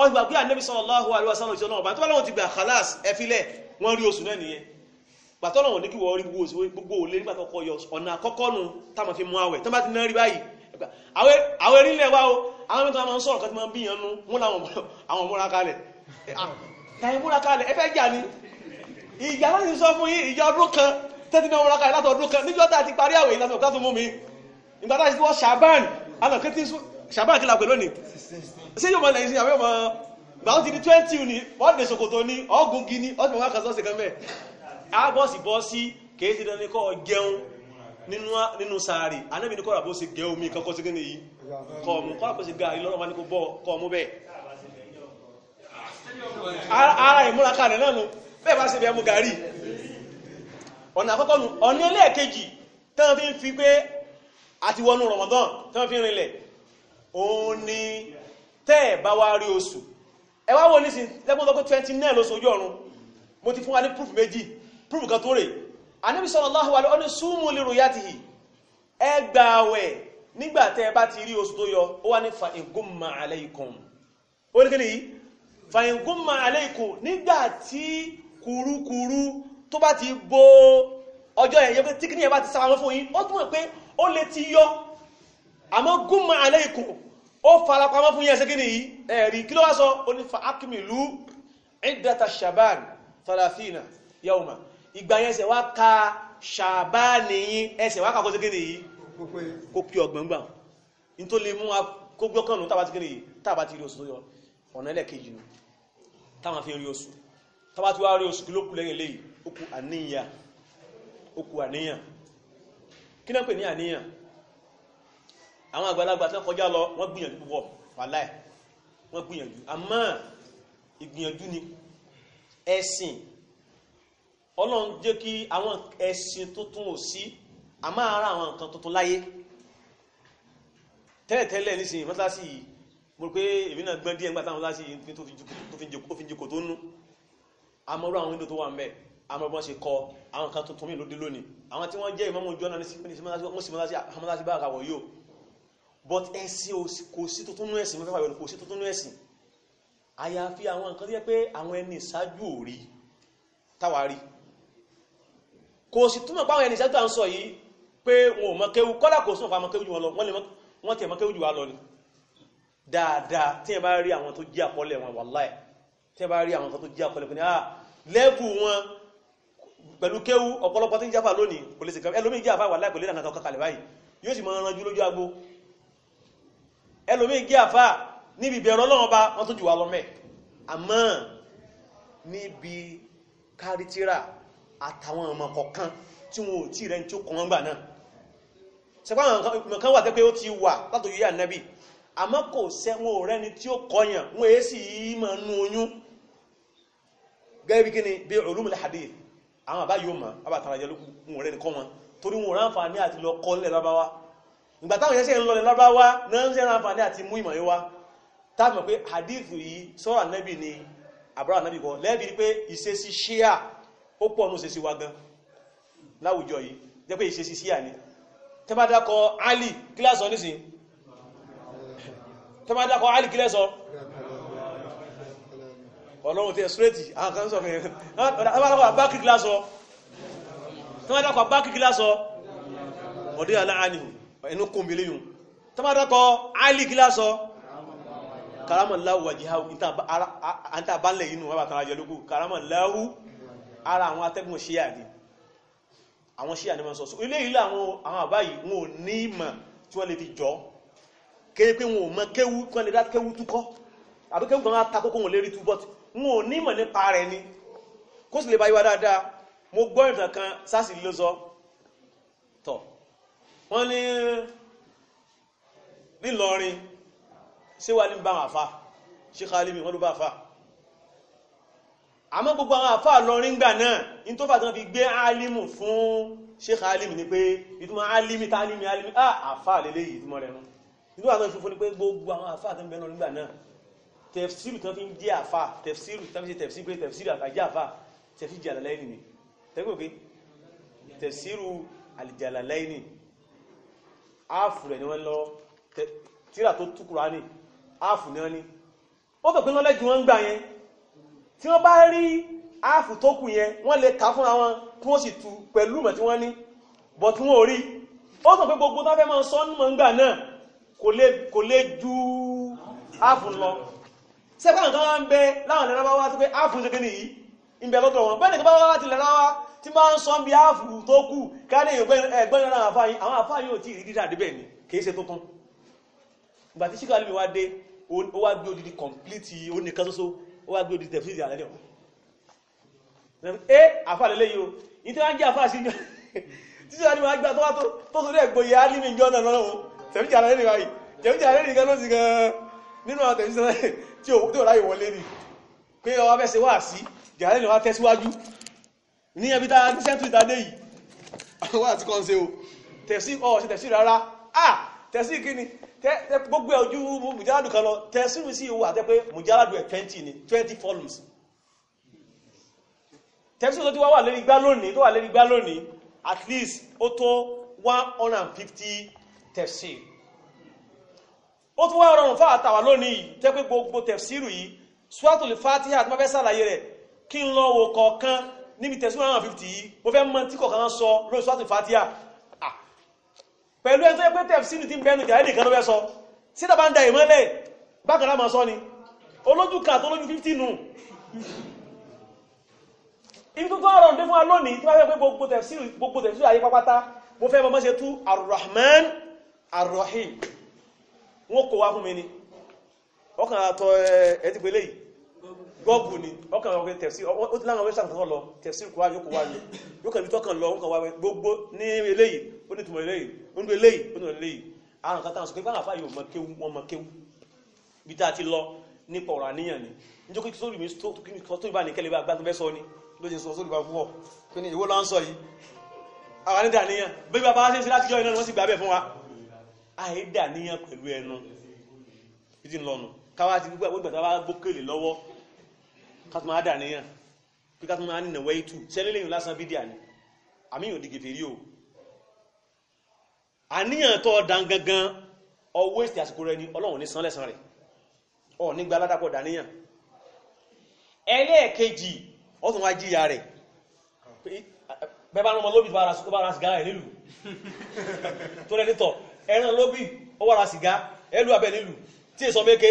ọ gbà pé ànẹ́bí sallallahu alaihi wasallam ìṣẹ́ ọlọ́run bàtọ́ lọ́wọ́ ti gbà khalas ẹfilẹ̀ wọ́n rí oṣù náà nìyẹn bàtọ́ lọ́wọ́ ní kí wọ́n rí gbogbo òlé nígbà tó kọ yọ ọ̀nà àkọ́kọ́ nu táwọn fi mú àwẹ̀ tó bá ti náà rí báyìí àwọn erin lẹ̀ wá o àwọn mẹ́ta máa ń sọ̀rọ̀ kan tí máa ń bíyan nu wọ́n làwọn àwọn múra kalẹ̀ ẹ̀yìn múra kalẹ̀ ẹ fẹ́ jà ni ìjà láti sọ fún yín ìjà ọdún kan tẹ́tí náà múra kalẹ̀ láti ọdún kan níjọ́ tá a ti parí àwẹ̀ ìlànà ọ̀gá tó mú mi ìgbà tá a ti wọ́ ṣàbáàn alọ̀kẹ́tì ṣàbáàn kí la ṣé yóò máa lẹ́yìn sí àbẹ́ ọmọ gbàtọ́ ti di twenty ní ọ̀dẹ̀ ṣòkòtò ní ọ̀gùn gini ọ̀dẹ̀ wọn kàṣọ́ sí kan bẹ́ẹ̀ àbọ̀sì bọ́ sí kèé ti dání kọ́ jẹun nínú sàárì anábì ní kọ́ àbó ṣe gẹ omi kankan sí gẹ́nìyí kọ́ ọmọ kọ́ àpèsè gàrí lọ́rọ̀ wá ní kó bọ́ kọ́ ọmọ bẹ́ẹ̀ ara ìmúra kalẹ̀ náà nù bẹ́ẹ̀ bá ṣe bẹ́ẹ̀ mú gàrí ọ̀nà àkọ́kọ́ nù ọ̀nà ẹlẹ́ẹ̀kejì tán fi ń fi pé àti wọnú Ramadan tán fi rinlẹ̀ òun ni tẹ́ ẹ̀ bá wá rí oṣù ẹ wá wò nísìn lẹ́gbọ́n lọ́gbọ́n twenty nine lóṣù ojú ọ̀run mo ti fún wa ní proof méjì proof kan tó rè Ànábì sallallahu alaihi wasallam súnmù li ru'yatihi ẹ gba àwẹ̀ nígbà tẹ́ ẹ bá ti rí oṣù tó yọ ó wá ní fa ingumma alaykum ó ní kíni yìí fa ingumma alaykum nígbà tí kurukuru tó bá ti bo ọjọ́ yẹn yẹ pé tí kíni yẹn bá ti sáwọn fún yín ó túmọ̀ pé ó lè ti yọ àmọ́ gumma alaykum ó farapamọ́ fún yẹn ṣékíní yìí ẹ̀rí kí ló wá sọ ó ní fa akmilu iddata shaban thalathina yawma ìgbà yẹn ṣe wá ka shaban yín ẹsẹ̀ wá kàkó ṣékíní yìí kó pí ọgbọ̀n gbà ní tó lè mú wa kó gbọ́kànlù tàbá ti kí nìyí tàbá ti rí oṣù tó yọ ọ̀nà ẹlẹ́ẹ̀kejì nù táwọn fi rí oṣù tàbá ní àníyàn àwọn àgbàlagbà tó kọjá lọ wọ́n gbìyànjú púpọ̀ wàláì wọ́n gbìyànjú àmọ́ ìgbìyànjú ni ẹ̀sìn ọlọ́run jẹ́ kí àwọn ẹ̀sìn tuntun ò sí àmọ́ ara àwọn nǹkan tuntun láyé tẹ́lẹ̀tẹ́lẹ̀ nísìnyí mọ́tàlásì yìí mo rò pé èmi náà gbọ́n díẹ̀ nígbà táwọn mọ́tàlásì yìí tó fi jòkó tó nú amọ̀rọ̀ àwọn ìdò tó wà ń bẹ̀ amọ̀rọ̀ bọ́n ṣe kọ àwọn kan tuntun mi lóde lónìí àwọn tí wọ́n jẹ́ ìmọ̀mọ̀ ojú ọ̀nà ní sí mọ́tàlásì bá àkàwọ̀ yóò but ẹ̀sìn kò sí tuntun nú ẹ̀sìn mẹ́fà ìwẹ̀lú kò sí tuntun nú ẹ̀sìn àyàfi àwọn nǹkan tó yẹ pé àwọn ẹni ìṣáájú ò rí táwa rí kò sì túmọ̀ pé àwọn ẹni ìṣáájú à ń sọ yìí pé wọn ò mọ kéwu kọ́lá kò sùn fún àwọn kéwu jù wọn lọ wọ́n tẹ̀ mọ kéwu jù wá lọ ni dáadáa tí ẹ bá rí àwọn tó jí àkọlẹ̀ wọn wàláì tí ẹ bá rí àwọn tó jí àkọlẹ̀ pé ní à ah, lẹ́bù wọn pẹ̀lú kéwu ọ̀pọ̀lọpọ̀ tí ń jáfà lónìí kò lè sì kẹ́ ẹlòmíì jáfà wàláì pẹ̀lú ìlànà kan kàkàlẹ̀ báyìí yóò sì máa ranjú lójú agbo ẹlòmíì gé àfà níbi ìbẹ̀rù ọlọ́run ọba wọ́n tó jù wá lọ́mẹ́ àmọ́ níbi kárítíra àtàwọn ọmọ kọ̀ọ̀kan tí wọn ò tí rẹ̀ tí ó kọ̀ wọ́n gbà náà sẹ́pà àwọn kan wà tẹ́ pé ó ti wà látò yíyà nẹ́bì àmọ́ kò sẹ́ wọn ò rẹ́ni tí ó kọyàn wọn èé sì nú oyún gẹ́gẹ́ bí kí ni bí ulumul hadith àwọn àbá yóò mọ̀ àbàtàrà jẹ́lókù wọn ò rẹ́ni kọ́ wọn torí wọn ò ráǹfààní àti lọ kọ́ lẹ́ ìgbà táwọn yẹn ṣe ń lọlẹ̀ lárúbáwá náà ń ṣe ránfààní àti mú ìmọ̀ yìí wá táàmù pé hadithu yìí sọ́rọ̀ ànábì ni àbúrò ànábì kan lẹ́bi pé ìṣesí ṣíà ó pọ̀ nù ṣesí ni tẹ́bádàkọ Ali kílẹ̀sọ Ali kílẹ̀sọ ọlọ́run tẹ́ sírẹ́tì àwọn kan sọ fún yẹn tẹ́bádàkọ abákìkílẹ̀sọ tẹ́bádàkọ abákìkílẹ̀sọ ọdí aláàánihùn ẹnu kòmí léyìn tọ́bádákọ alì kí lásọ karamallahu wajihahu níta bánlẹ̀ inú wọ́n bá tọ́ra jẹ lókù karamallahu ara àwọn atẹ́gùn ṣíyà ní àwọn ṣíyà ní wọ́n sọ ilé ilé àwọn àbáyìí wọn ò ní ìmọ̀ tí wọ́n lè fi jọ kéé pé wọn ò mọ kéwú kí wọ́n lè dá kéwú túkọ́ àbí kéwú kan á ta kókó wọn lè rí túbọ̀ wọn ò ní ìmọ̀ nípa rẹ̀ ni kó sì lè bá yíwa dáadáa mo gbọ́ ìtàn kan sásì ló sọ wọ́n ní nílọrin ṣé wà ní bá wọn àfà ṣe kálímì wọ́n ló bá àfà àmọ́ gbogbo àwọn àfà lọrin gbà náà in tó fàtàn fi gbé álímù fún ṣe kálímì ní pé ìtumọ̀ álímì tálímì álímì àfà lélẹ́ yìí ìtumọ̀ rẹ̀ rún ìtumọ̀ àtọ́ ìṣòfò ní pé gbogbo àwọn àfà tó ń bẹ lọrin gbà náà tẹ̀fsíìrù tán fi ń jẹ́ àfà tẹ̀fsíìrù tán fi ṣe tẹ̀fsíìrù pé tẹ̀fsíìrù àtàjẹ́ àfà tẹ̀fí jàlálẹ́yìn ni tẹ́gbẹ̀ẹ́ tẹ̀fsíìrù àlìjàlálẹ́yìn áàfù rẹ̀ ni wọ́n lọ tíra tó tú Kùránì áàfù ni wọ́n ní wọ́n pẹ̀pẹ́ nọ́lẹ́jì wọ́n ń gbà yẹn tí wọ́n bá rí áàfù tó kù yẹn wọ́n lè kà fúnra wọn kí wọ́n sì tú pẹ̀lú mọ̀ tí wọ́n ní bọ̀ tí wọ́n rí ó sọ pé gbogbo tó fẹ́ máa sọ ní mọ̀ǹgà náà kò lè ju áàfù lọ sẹ́kọ̀ọ́ nǹkan wá ń bẹ láwọn ìlera bá wá tó pé áàfù ṣe kí tí máa ń sọ bí áàfù tó kù káàdé ẹgbẹ́ni náà àfáyín àwọn àfáyín ò tí ì dídà débẹ̀ ni kìí ṣe tuntun ìgbà tí ṣíkà lómi wá dé ó wá gbé odidi kọ̀m̀plìtì oníkan ṣoṣo ó wá gbé odidi tẹ̀fíìsì àlẹ́lẹ́ ọ̀ ẹ àfà lélẹ́ yìí o ní tí wọ́n jẹ́ àfà sí yọ tí ṣíkà lómi wá gbé àtọ́wá tó tó sórí ẹ̀gbọ́ yẹ á ní mi jọ náà lọ́wọ́ tẹ̀fíìsì àlẹ́lẹ́ ni wáyìí tẹ̀fíìsì àlẹ́lẹ́ ni gánà sí gan nínú àwọn tẹ̀fíìsì àlẹ́lẹ́ tí ò ráyè wọlé ni pé ọwọ́ fẹ́ ṣe wá sí jàlẹ́ ni wá tẹ̀síwájú ní ẹbí tá a ti sẹ́ńtù ìtàdé yìí àwọn <laughs> àti kan ṣe o tẹ̀sí ọ̀ ṣe tẹ̀sí rárá à tẹ̀sí kíni gbogbo ojú mùjáládù kan lọ tẹ̀sí mi sí owó àtẹ́pẹ́ mùjáládù ẹ̀ twenty ni twenty follows. tẹ̀sí tó ti wá wà lérí gbá lónìí tó wà lérí gbá lónìí at least ó tó one hundred fifty tẹ̀sí ó tún wá rọrùn fáà tàwà lónìí tẹ́pẹ́ gbogbo tẹ̀síìrù yìí Suratul Fatiha àti mọ́fẹ́ sàlàyé rẹ̀ kí n lọ wò kọ̀ọ̀kan níbi tẹ̀síwọ́n 150 yìí mo fẹ́ mọ̀ tí kọ̀ọ̀kan sọ lórí sọ́tù fatia pẹ̀lú ẹjọ́ pé tẹ̀síwọ́n ti ń bẹ́nu jàrí nìkan ló fẹ́ sọ sí tàbá ń da ìmọ́lẹ̀ bákan náà máa sọ ni olójú kan tó lójú 50 nù ibi tó tọ́rọ̀ ń dé fún wa lónìí tí wọ́n fẹ́ pé gbogbo tẹ̀síwọ́n ayé pápátá mo fẹ́ mọ́ ṣe tú arrahman arrahim wọ́n kò wá fún mi ni ọkàn àtọ ẹ̀ ti pẹ̀lẹ́ yìí gọ́ọ̀gù ni ọkàn ọkàn tẹ̀sí ó ti láwọn wẹ́sàn kan lọ tẹ̀sí kò wá yóò kò wá ní yóò kẹ̀bí tọ́kàn lọ ọkàn wá gbogbo ní eléyìí ó ní tùmọ̀ eléyìí ó ní eléyìí ó ní eléyìí àwọn kan táwọn sọ pé báwọn afáyò mọ kéwú wọn mọ kéwú bí tá a ti lọ nípa ọ̀rọ̀ àníyàn ni níjọ́ kí sórí mi tó ìbá ní kẹ́lẹ́ bá gbá tó fẹ́ sọ ni ló ti sọ sórí bá fún ọ pé ní ìwó lọ́n sọ yìí àwọn àní dàníyàn bí bàbá ṣe ń ṣe látijọ́ iná ni wọ́n sì gbà bẹ́ẹ̀ fún wa àì dàníyàn pẹ̀lú ẹnu ìdí ńlọnù káwá ti gbígbà tó bá kátó máa dà níyàn pé kátó máa nìnà wẹ́ ìtù sẹ́lẹ̀ lẹ́yìn lásán bídíà ni àmìyàn di gèfè rí o àníyàn tó dan gangan ọwọ́ èsì àsìkò rẹ ni ọlọ́run ní san lẹ́san rẹ̀ ọ nígbà aládàpọ̀ dàníyàn ẹlẹ́ẹ̀kejì ọ̀tún wá jíyà rẹ̀ bẹ́ẹ̀ bá ń lọ́mọ lóbi tó bá ra sìgá rẹ̀ nílùú <laughs> tó rẹ̀ nítọ̀ ẹran lóbi ó wà ra sìgá ẹlú abẹ́ nílùú tí èso méke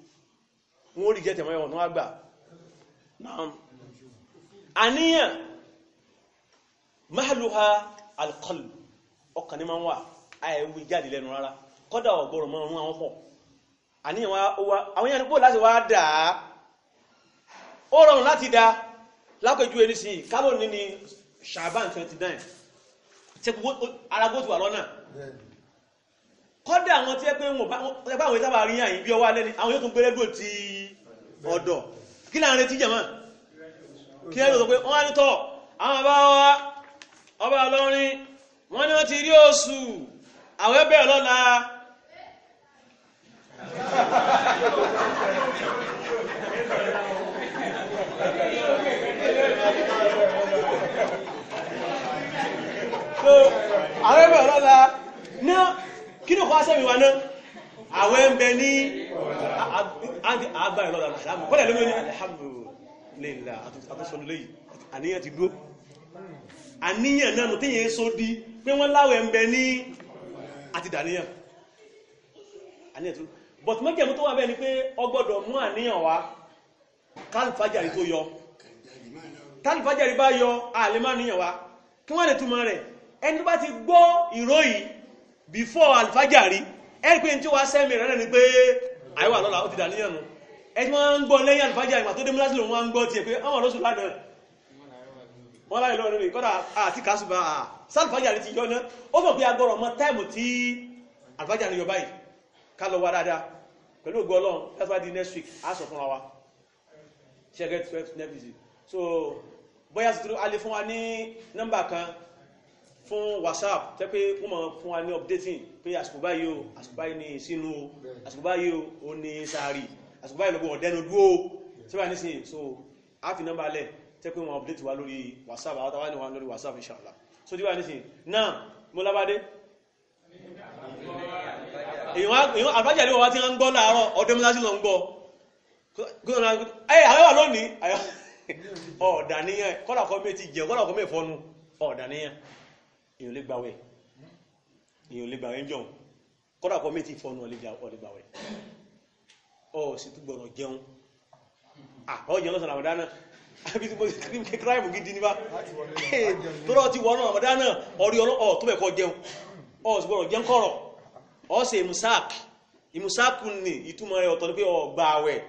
wọ́n rí jẹ́ tẹ̀mọ́ ẹ̀wọ̀n tó wá gbà àníyàn mahaluha alqalb ọkàn ní ma ń wà àìwú jáde lẹ́nu rárá kọ́dà ọ̀gbọ̀rọ̀ mọ́ ọ̀run àwọn pọ̀ àníyàn àwọn yẹn pọ̀ láti wá dáa ó rọrùn láti dáa lápẹjú ẹni sí kálò ní ni shaban 29 tí aragbó ti wà lọ́nà kọ́dà àwọn tí ẹ pé wọn àwọn ìsábà rí àyíbí ọwá lẹ́ni àwọn yóò tún gbẹ́rẹ́gbò tí ọ̀dọ̀ kí là ń retí jẹ̀mọ́ kí ẹ lọ́sọ pé wọ́n á ní tọ́ àwọn bàbá wa ọba ọlọ́rin wọ́n ní wọ́n ti rí oṣù àwẹ̀ bẹ̀rẹ̀ lọ́la so àwẹ̀ bẹ̀rẹ̀ lọ́la náà kí ni kò wá sẹ́mi ń bẹ ní àgbà ìlọ́dà alhamdu kọ́lẹ̀ lómi ní alhamdulillah àtúnṣọ́nù lẹ́yìn àníyàn ti dúró àníyàn náà tí yẹn so di pé wọ́n láwẹ̀ ń bẹ ní àti dàníyàn tó but mọ́kẹ̀mú tó wà bẹ́ẹ̀ ni pé ọgbọ́dọ̀ mú àníyàn wá kálífàjárì tó yọ tálífàjárì bá yọ àlèmáníyàn wá kí wọ́n before alfajari ẹni pé tí wá àìwà lọ́la ó ti dà níyànú ẹ tí wọ́n ń gbọ́ lẹ́yìn àlùfájà ìgbà tó dé múlásì lòun wọ́n ń gbọ́ tiẹ̀ pé àwọn olóṣù lánàá wọ́n láyé lọ́rùn rẹ̀ kọ́dà àti kásùbà sálùfájà rẹ̀ ti yọ ná ó mọ̀ pé agbọ́rọ̀ ọmọ táìmù tí àlùfájà rẹ̀ yọ báyìí ká lọ wá dáadáa pẹ̀lú ògbọ́ that's why the next week á sọ fúnra wa ṣẹ́gẹ́ twelve next week so bóyá sì tún alẹ́ fún wa ní nọ́mbà kan fún whatsapp tẹ́ pé wọ́n máa fún wa ní updating pé àsìkò báyìí o àsìkò báyìí ni sínú o àsìkò báyìí o ní sáàrì àsìkò báyìí lọ́gbọ̀n ọ̀dẹ́nu dúó síbà nísìnyí so a fi nọ́mbà lẹ̀ tẹ́ pé wọ́n update wa lórí whatsapp àwọn tàwa ní wa lórí whatsapp inshallah so díwà nísìnyí náà mo lábádé èyàn àbájá lé wọn wá tí wọ́n ń gbọ́ láàárọ̀ ọdún mọ́lá sí lọ ń gbọ́ ẹ̀ àwẹ́wà lónìí ọ̀dà níyàn kọ́làkọ́ mi ti jẹun kọ́làkọ́ mi fọnu ọ̀dà níyàn èyàn lè gbàwẹ̀ èyàn lè gbàwẹ̀ ń jọun kọ́dà kọ́ méjì fọ́nù ọ̀lẹ́ gbàwẹ̀ ọ̀ sì tún gbọ̀nà jẹun àbọ̀ jẹun lọ́sàn àmàdá náà <laughs> àbí tí mo ti kí ní kíráìmù gidi níbá tó lọ́ ti wọ́n náà àmàdá náà ọ̀rí ọlọ́ tó bẹ̀ kọ́ jẹun ọ̀ sì gbọ̀nà jẹun kọ̀rọ̀ ọ̀ sì ìmùsáàkì ìmùsáàkì ni ìtumọ̀ rẹ̀ ọ̀tọ̀ ni pé ọ̀ gbàwẹ̀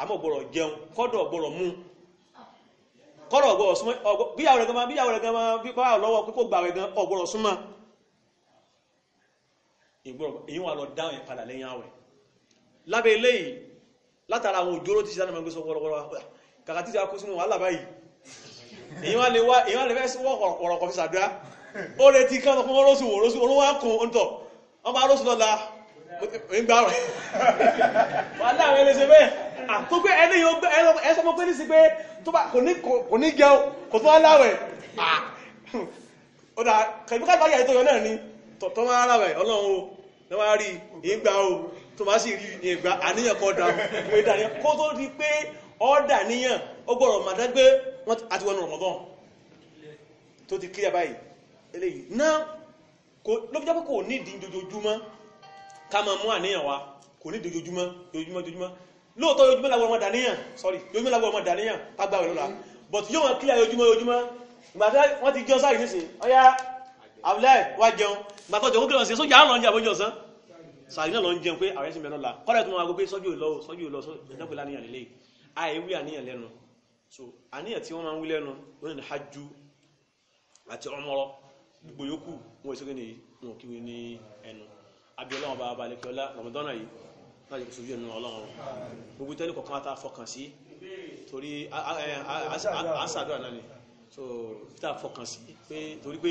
àmọ́ gbọ̀rọ̀ jẹun kọ́dọ̀ gbọ̀rọ̀ mú kọ́rọ̀ ọ̀gbọ̀rọ̀ súnmọ́ bíyàwó rẹ̀ gan máa bíyàwó rẹ̀ gan máa bí pàwọ́ lọ́wọ́ pé kò gbà rẹ̀ gan ọ̀gbọ̀rọ̀ súnmọ́ èyí wà lọ dáhùn ẹ̀ padà lẹ́yìn àwẹ̀ lábẹ́ eléyìí látara àwọn òjòrò tí sáré máa gbé sọ wọ́rọ́wọ́rọ́ ah, kàkà tí sáré kó sínú wàhálà báyìí èyí wà lè fẹ́ wọ́ ọ̀rọ̀ kọfí sàdúrà ó retí kán lọ fún wọn lóṣù wọn lóṣù olówó àkùn ọ̀ntọ̀ wọn bá <laughs> tó ẹni yóò pé ní sí pé tó bá kò ní kò tó aláwẹ̀ ọ̀dà ah. kẹ̀míkàtà ìtọ́yọ náà ni tọ̀tọ́ máa aláwẹ̀ ọlọ́run o lọ́wọ́ rí ìgbà o tó bá sì rí ìgbà àníyàn kọ́ lóòótọ́ yójúmọ́ làwọn ọmọ dàníyàn sorry yójúmọ́ làwọn ọmọ dàníyàn tagbà rẹ̀ lọ́la but yóò wọn kílẹ̀ yójúmọ́ yójúmọ́ ìgbàtà wọ́n ti jẹun sáré nísìn ọyá abúlé wá jẹun ìgbàtà jẹun kílọ̀ sí sójà àrùn ọjà àbójọ sán sàrí náà lọ ń jẹun pé àwọn ẹ̀sìn mẹ́lọ́la kọ́lẹ̀ tó máa gbé sọ́jú ìlọ sọ́jú ìlọ ìdọ́pẹ́ láníyàn lélẹ̀ àìwí àníyàn lẹ́nu so àníyàn tí wọ́n máa ń wí lẹ́nu wọ́n ní hajju àti ọmọrọ gbogbo yòókù wọn ìṣẹ́gun ní wọn kí wọn ní ẹnu abiola wọn bá balẹ̀ kí ọlá rọmọdọ́nà yìí náà jẹ́ sojú ẹnu ọlọ́run gbogbo tẹ́lẹ̀ kọ̀kan wá tá a fọkàn sí torí àṣàdúrà náà ni so tá a fọkàn sí pé torí pé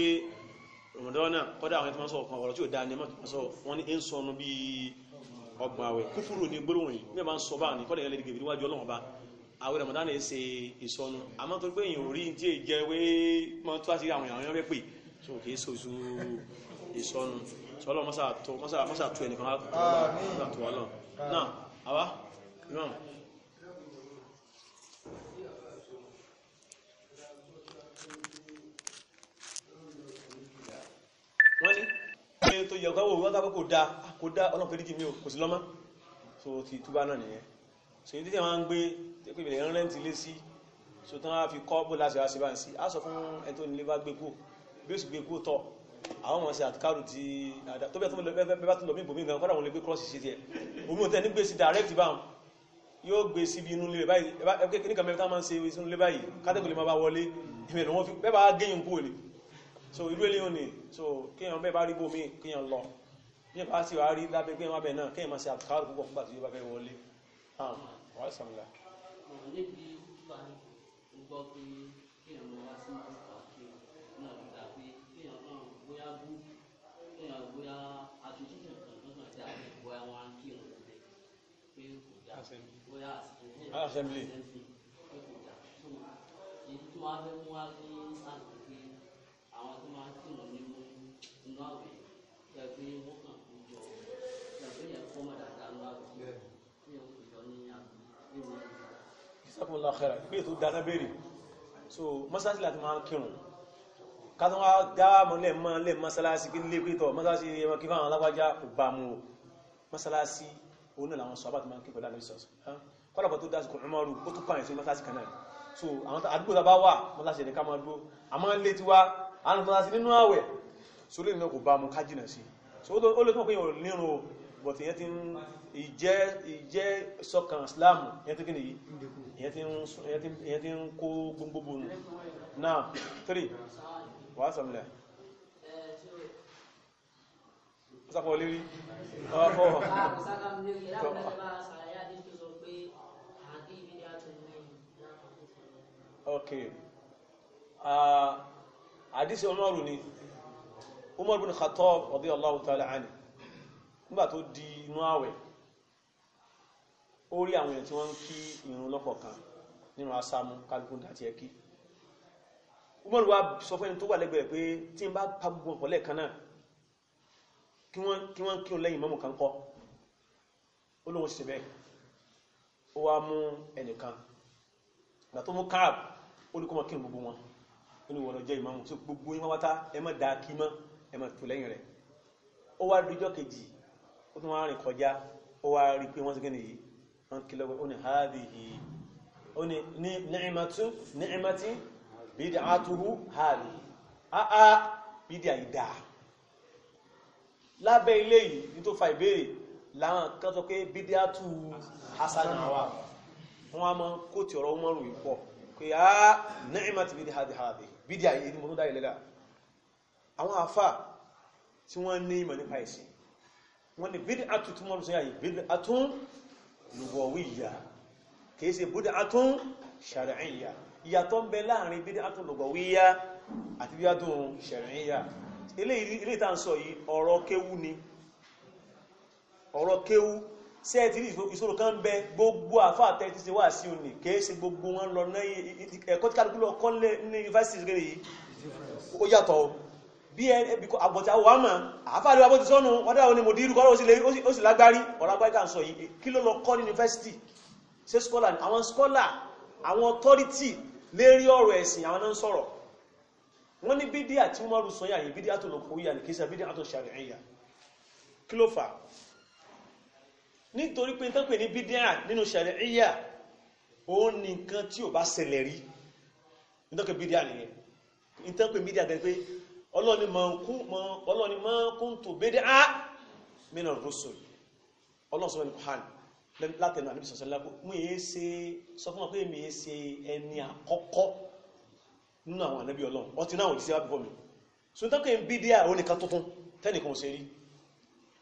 rọmọdọ́wọ́ náà kọ́dá àwọn ẹ̀tọ́ sọ ọ̀kan ọ̀rọ̀ tí ó dáa ní ẹmọ́ tó sọ wọ́n ní ń sọnù bí ọgbà àwẹ̀ kúfúrú ní gbólóhùn yìí mẹ́bàá ń sọ bá ní kọ́dá ìyẹn gẹ̀gẹ̀ níwájú ọlọ́run bá àwẹ̀ rọmọdọ́wọ́ náà ṣe ìsọnù àmọ́ Ah. náà àwa náà. wọ́n ní pé tó yẹ ọ̀gáwò wọ́n dábọ́ kò dá kò dá ọlọ́pàá péríkì mi ò kò sí lọ́mọ́ so ti túbá náà nìyẹn so èyí títẹ̀ máa ń gbé pé ìbẹ̀rẹ̀ ń rẹ́ǹtì lé sí so tán á fi kọ́ bó láti wá sí bá ń sí á sọ fún ẹni tó nílé bá gbé kú bí ó sì gbé kú tọ̀ àwọn ọmọ ṣe àtikárù tí tó bẹ́ẹ̀ tó bẹ́ẹ̀ bá tún lọ mí bòmí gan kọ́dà wọn lè gbé kọ́ọ̀sì ṣe tiẹ̀ omi ò tẹ́ ní gbé sí direct báwọn yóò gbé síbi inú ilé báyìí ẹgbẹ́ kìnnìkan mẹ́ta máa ń ṣe inú ilé báyìí kátẹ́gùn lè máa bá wọlé ìbẹ̀ lọ́wọ́ fi bẹ́ẹ̀ bá gẹ́yìn kúrò ni so irú ilé yóò ní so kéèyàn bẹ́ẹ̀ bá rí bòmí kéèyàn lọ bí ẹ̀bá sì wá rí lábẹ́ gbé wọn bẹ̀ náà kéèyàn máa ṣe àtikárù púpọ̀ fún bàtí yóò bá fẹ́ wọlé ah, wàá sàmìlà. ọ̀rọ̀ níbi gbọ́ pé assembly èyí tó wá fẹ́ mú wá ní sáàtì pé àwọn tó máa ń kírun nínú inú àwẹ̀ kí ẹ pé wọ́n kàn kó jọ kí ẹ pé yẹn kọ́ mọ̀ dáadáa ní àwẹ̀ kí ẹ kó jọ ní àwẹ̀ kí ẹ mọ̀ dáadáa. so mọ́sáàsì láti máa ń kírun kátó wá dáàmọ́ lẹ́ẹ̀mọ́ lẹ́ẹ̀mọ́sálásí kí lè pé tọ̀ mọ́sáàsì ẹ̀mọ́ kí fáwọn alágbájá kò bá mu mọ́sálásí òun náà làwọn sọ́bà tó máa ń kí pẹ̀lú àlẹ́ ìsọ̀sọ̀ kọ́lọ̀pọ̀ tó dásìkò ọmọrù ó tún pààyàn sí mọ́sáàsì kan so àwọn àdúgbò tá bá wà mọ́sáàsì ẹ̀dẹ̀ká máa dúró àmọ́ ń lé ti wá àwọn mọ́sáàsì nínú àwẹ̀ so lè náà kò bá mú kájìnà sí so ó lè tún pé yóò nírun o but ìyẹn ti sọ́kàn Islam ìyẹn ti kíni yìí ìyẹn ti ń three wàá sápọ̀ lérí ọkọ̀ ok àdísì ah, Umaru ni Umar bin Khattab radiyallahu ta'ala anhu nígbà tó di inú àwẹ̀ ó rí àwọn èèyàn tí wọ́n ń kí ìrun lọ́kọ̀ọ̀kan nínú asámú kálukún àti ẹkí Umar wá sọ fún tó wà lẹ́gbẹ̀ẹ́ pé tí n bá pa gbogbo ọ̀pọ̀ náà kí wọ́n kí o lẹ́yìn mọ́mù kan kọ́ olóhun ṣe bẹ́ẹ̀ ó wá mú ẹnìkan ìgbà tó mú káàb olùkọ́mọ kí n gbogbo wọn inú wọ́n lọ jẹ́ ìmọ̀mù tí gbogbo yín wáwátá ẹ má da kí mọ́ ẹ má tó lẹ́yìn rẹ̀ ó wá dújọ́ kejì ó tún wá rìn kọjá ó wá rí pé wọ́n ti gẹ́nìyí wọ́n kí lọ́wọ́ ó ní háàdìhì ó ní ni'mati bídà átúhù háàdìhì áá bídà ìdáà lábẹ́ ilé yìí ní tó fa ìbéèrè láwọn kan sọ pé bídíátù hasanawa wọ́n a mọ́ kó tí ọ̀rọ̀ umaru yìí pọ̀ pé a nẹ́ẹ̀mà ti bídí hadi hadi bídí ayé ni mo tún dá ilẹ̀ dáa àwọn àfà tí wọ́n ní ìmọ̀ nípa ìsìn wọ́n ní bídí àtù tí wọ́n sọ́yà yìí bídí àtù lùgbọ̀wíyà kìí ṣe ilé ìta ń sọ yìí ọ̀rọ̀ kéwú ni ọ̀rọ̀ kéwú sí ẹ̀ ní ìṣòro kan bẹ gbogbo àfáà tẹ́ ti wà sí òní kìí ṣe gbogbo wọn lọ náà ẹ̀kọ́ tí kálukú lọ kọ́ ní yunifásitì gẹ́gẹ́ yìí ó yàtọ̀ bí ẹ àbọ̀tí àwọn àfáà lè wà bó wọ́n dára ní mòdì irúkọ́ ó sì lágbárí ọ̀rọ̀ wọ́n ní bídíà tí wọ́n rú sọ́yà yìí bídíà tó lò kó yà ní kí sẹ́ bídíà tó ṣàríyà kí ló fà nítorí pé tán pè ní bídíà nínú ṣàríyà òun ní nǹkan tí ò bá ṣẹlẹ̀ rí nítorí bídíà nìyẹn nítorí pé bídíà gẹ́gẹ́ pé ọlọ́ni máa kún tó bídíà mínà rọ́sọ̀lù ọlọ́sọ̀rọ̀ ní kọ́hán nínú àwọn ànábì ọlọ́run ọtí náà òjíṣẹ́ wá bífọ́ mi so n tọ́kẹ́ bí díà ó nìkan tuntun tẹ́nìkan ṣe rí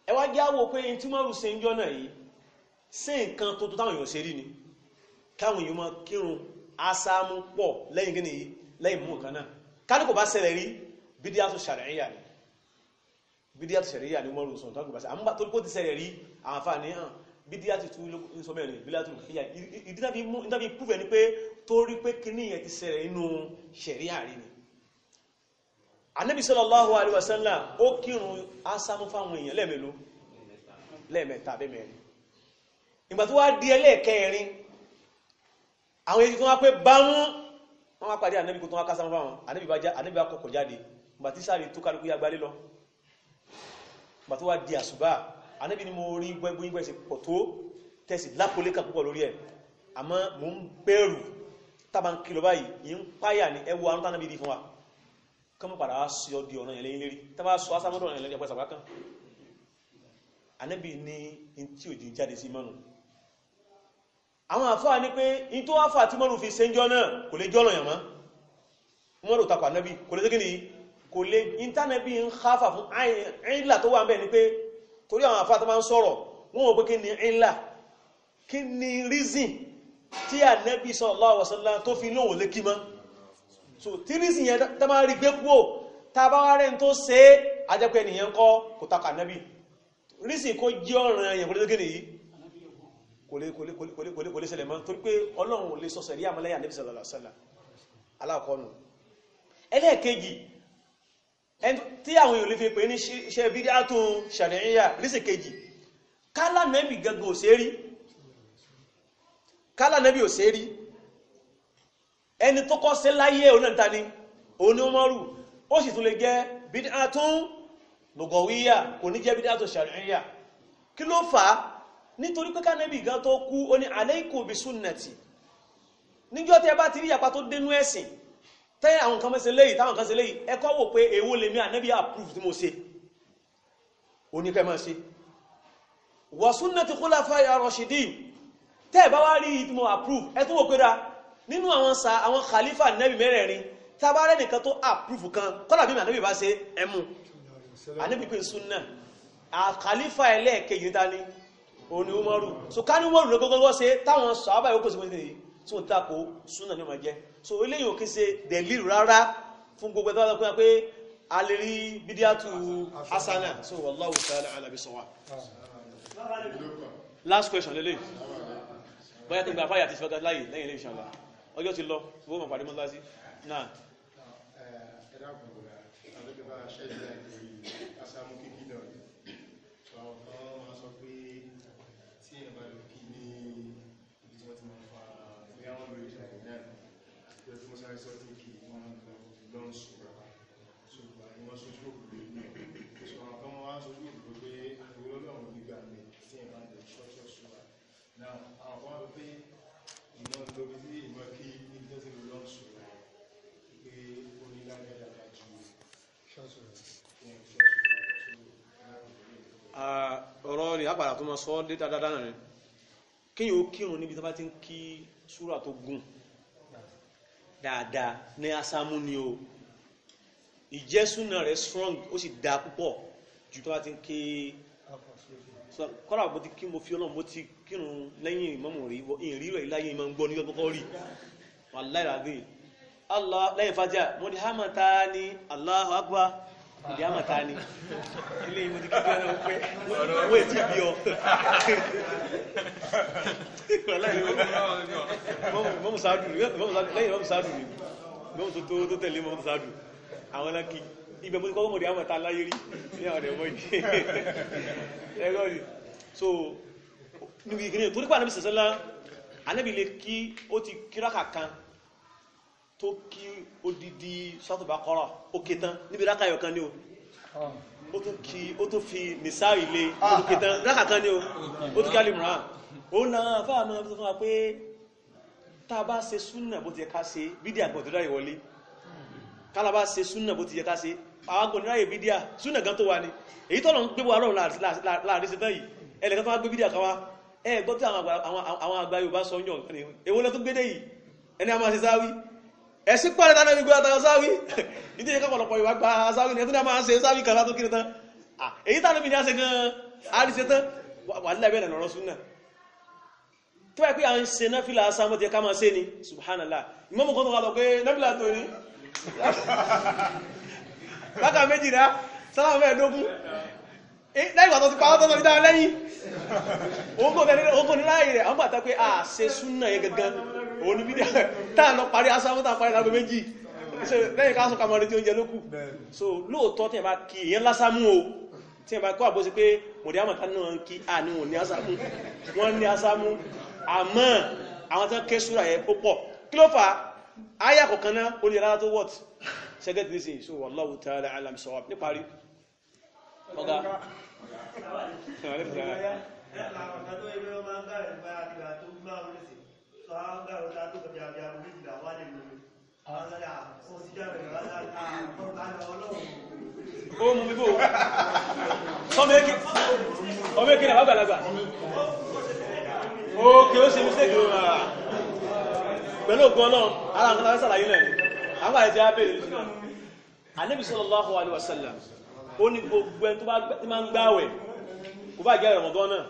ẹ wá jẹ́ àwọ̀ pé n tí mọ́rù ṣe ń jọ́ náà yìí ṣé nǹkan tuntun táwọn èèyàn ṣe rí ni káwọn èèyàn máa kírun asámú pọ̀ lẹ́yìn kí nìyí lẹ́yìn mú nǹkan náà kálukú bá ṣẹlẹ̀ rí bí díà tó ṣàrẹ̀yà ni bí díà tó ṣàrẹ̀yà ni mọ́rù sọ̀tọ́ bídíà ti tú sọmẹ́rin bídíà tó lùkìyà ìdítàbí púfẹ̀ ni pé torí pé kíní yẹn ti ṣẹlẹ̀ inú ṣẹ̀ríà rí ni Ànábì sallallahu alaihi wasallam ó kírun ásámú fáwọn èèyàn lẹ́ẹ̀mẹ́lú lẹ́ẹ̀mẹ́ta bẹ́ẹ̀mẹ́rin ìgbà tó wá di ẹlẹ́ẹ̀kẹrin àwọn èyí tó wá pé bámú wọ́n wá pàdé Ànábì kó tó wá kásámú fáwọn Ànábì bá kọ́kọ́ anábì ni mo rí gbẹ́gbẹ́ ṣe pọ̀ tó tẹ̀sí lápolẹ́kà púpọ̀ lórí ẹ̀ àmọ́ mò ń bẹ̀rù tábà ń kìlọ̀ báyìí yìí ń páyà ní ẹwọ arúntà náà bí di fún wa kọ́mọ̀ padà wá sí ọdí ọ̀nà ìlẹ́yìn lérí tábà sọ asámọ́dọ̀ ọ̀nà ìlẹ́yìn pẹ̀sàgbá kan anábì ní in tí òjì jáde sí mọ́nu àwọn àfáà ní pé in tó wáfà tí mọ́nu fi sẹ́njọ́ náà kò lè jọ́lọ̀ yàmá mọ́rò tapà torí àwọn àfáà tó máa ń sọ̀rọ̀ wọ́n wọ́n pé kí ni ńlá kí ni reason tí ànábì sallallahu alaihi wasallam tó fi lóhùn lékí mọ́ so tí reason yẹn tá máa rí gbé kúrò tá a bá wá rẹ̀ tó ṣe é ajẹ́pẹ́ nìyẹn kọ́ kò takà ànábì reason kó jẹ́ ọ̀ràn èèyàn kò lè kí nìyí kò lè kò lè kò lè kò lè kò tí àwọn èèyàn lè fi pè ní ṣe bídíà tó ń ṣàríyà rísì kejì kálá nẹ́bì gẹ́gẹ́ òṣèrí kálá nẹ́bì òṣèrí ẹni tó kọ́ sí láyé onáta ni òní ọmọrù ó sì tún lè jẹ́ bídíà tó ń lùgọ̀wíyà kò ní jẹ́ bídíà tó ṣàríyà kí ló fà á nítorí pé kánẹ́bì gan tó kú ó ní tẹ́ àwọn kan mẹ́sẹ̀ léyìí táwọn kan ṣe léyìí ẹkọ́ wò pé èwo lè mí ànábì approve tí mo ṣe oníkẹ́ máa ṣe wa sunnati khulafai ar-rashidin tẹ́ ẹ̀ bá wá rí ìtí mo approve ẹ tó wò pé ra nínú àwọn sa àwọn khalifa ànábì mẹ́rẹ̀ẹ̀rin tá a bá rẹ́ nìkan tó approve kan kọ́lá bí mi ànábì bá ṣe ẹ mú ànábì pé sunna khalifa ẹlẹ́ẹ̀kejì ta ni òní umaru so ká ní umaru lọ́gọ́gọ́gọ́ ṣe táwọn sọ tó ń tako súnà ní ọmọ jẹ́ so eléyìí ò kí ṣe dẹ̀lì rárá fún gbogbo ẹ̀dọ́ ọ̀dọ́ pé a lè rí bídíàtù asana so wallahu ta'ala alabi sọ wa last question lélẹ̀ bóyá tí gbà fáyà ti fẹ́ láyé lẹ́yìn lẹ́yìn ṣàlá ọjọ́ ti lọ gbogbo mọ̀ pàdé mọ́ lásì náà ẹ̀dá ọ̀pọ̀ Uh, ọ̀rọ̀ rẹ̀ àpàdà tó máa sọ ọ́ dada dáadáa náà rẹ̀ ó kírun níbi tó ti ń kí súrà tó gùn dáadáa ní asámú ni o ìjẹ́sùnà rẹ̀ strong ó sì dáa púpọ̀ ju tó bá ti ń kọ́lá kí mo fi ọlọ́run ti kírun lẹ́yìn ìmọ̀mù rí ìrírí rẹ̀ láyé ìmọ̀ di ni akbar ìdíyàmọ̀ta ni ilé ìwé ti kíkọ́ ẹ̀rọ pé wọ́n ètí bí ọ. mọ́mù sáàdù ni lẹ́yìn mọ́mù sáàdù ni mọ́mù tó tẹ̀lé mọ́mù sáàdù àwọn lákì ibẹ̀ mo ti kọ́kọ́ mọ̀ ìdíyàmọ̀ta láyé rí ní àwọn ẹ̀mọ́ yìí ẹ̀rọ ni so níbi ìgbìyànjú torípà anábì sẹ̀sẹ̀ lá anábì lè kí ó ti kíráka kan tó kí odidi suratul Baqara ó ké tán níbi rákà ẹyọ kan ní o ó tún kí ó tún fi nìsá ilé ó tún ké tán rákà kan ní o ó tún kí Al-Imran ó náà fáwọn ọmọ tó fún wa pé tá a bá ṣe súnà bó ti yẹ ká ṣe bídíà gbọ̀dọ̀dá ìwọlé kálábá ṣe súnà bó ti yẹ ká ṣe àwọn oníráyè bídíà súnà gan tó wà ní èyí tọ́lọ̀ ń gbébọ̀ arọ́ láàrin ṣe tán yìí ẹlẹ́kan tó wá gbé bídíà kan wá ẹ gbọ́ tí àwọn àgbà Yorùbá sọ yàn èwo lẹ́ tó gbédé yìí ẹni a máa ṣe sáwí ẹ̀sìn pọ̀ lẹ́tà náà ní gbọ́dọ̀ tàwọn sáwí nítorí ẹ̀ka ọ̀pọ̀lọpọ̀ ìwà gba sáwí ni ẹ̀tún náà máa ń ṣe sáwí kan látó kiri tán èyí tàbí mi ní àṣẹ gan àríṣe tán wà nílẹ̀ bẹ́ẹ̀ lọ́rọ̀ súnà tó bá yẹ pé à ń ṣe náfìlà sáwọn tiẹ̀ ká máa ṣe ni subhanallah ìmọ̀mù kan tó wà lọ pé náfìlà tó ní bákà méjìlá sálámù mẹ́ẹ̀ẹ́dógún Eh, lẹ́yìnwà tó ti pa ọ́tọ́ ìdá lẹ́yìn ogun níláyìí rẹ̀ àwọn pàtàkì à ṣe súnà yẹ gẹ̀gẹ̀ òní bí táà lọ parí asáwọ́ tàà parí lábẹ́ méjì lẹ́yìn káàsùn kàmọ́rí tí ó ń jẹ lókù so lóòótọ́ tí ẹ bá kí èyàn lásámú o tí ẹ bá kọ́ àbóṣe pé mọ̀dí àmọ̀tá náà ń kí à ní wọn ní asámú wọn ní asámú àmọ́ àwọn tó ké súra yẹ púpọ̀ kí so wallahu ta'ala alam sawab níparí ọ̀gá ó mú bíbò ọmọ èké náà gbàlagbà ókè ó ṣe mistake ó rà pẹ̀lú ògùn ọlọ́run ara nǹkan láti sàlàyé náà ni àwọn àìsí abẹ́rẹ́ ànábì sallallahu alaihi wasallam ó ní gbogbo ẹni tó bá tí máa ń gbààwẹ̀ kó bá jẹ́ Ramadan náà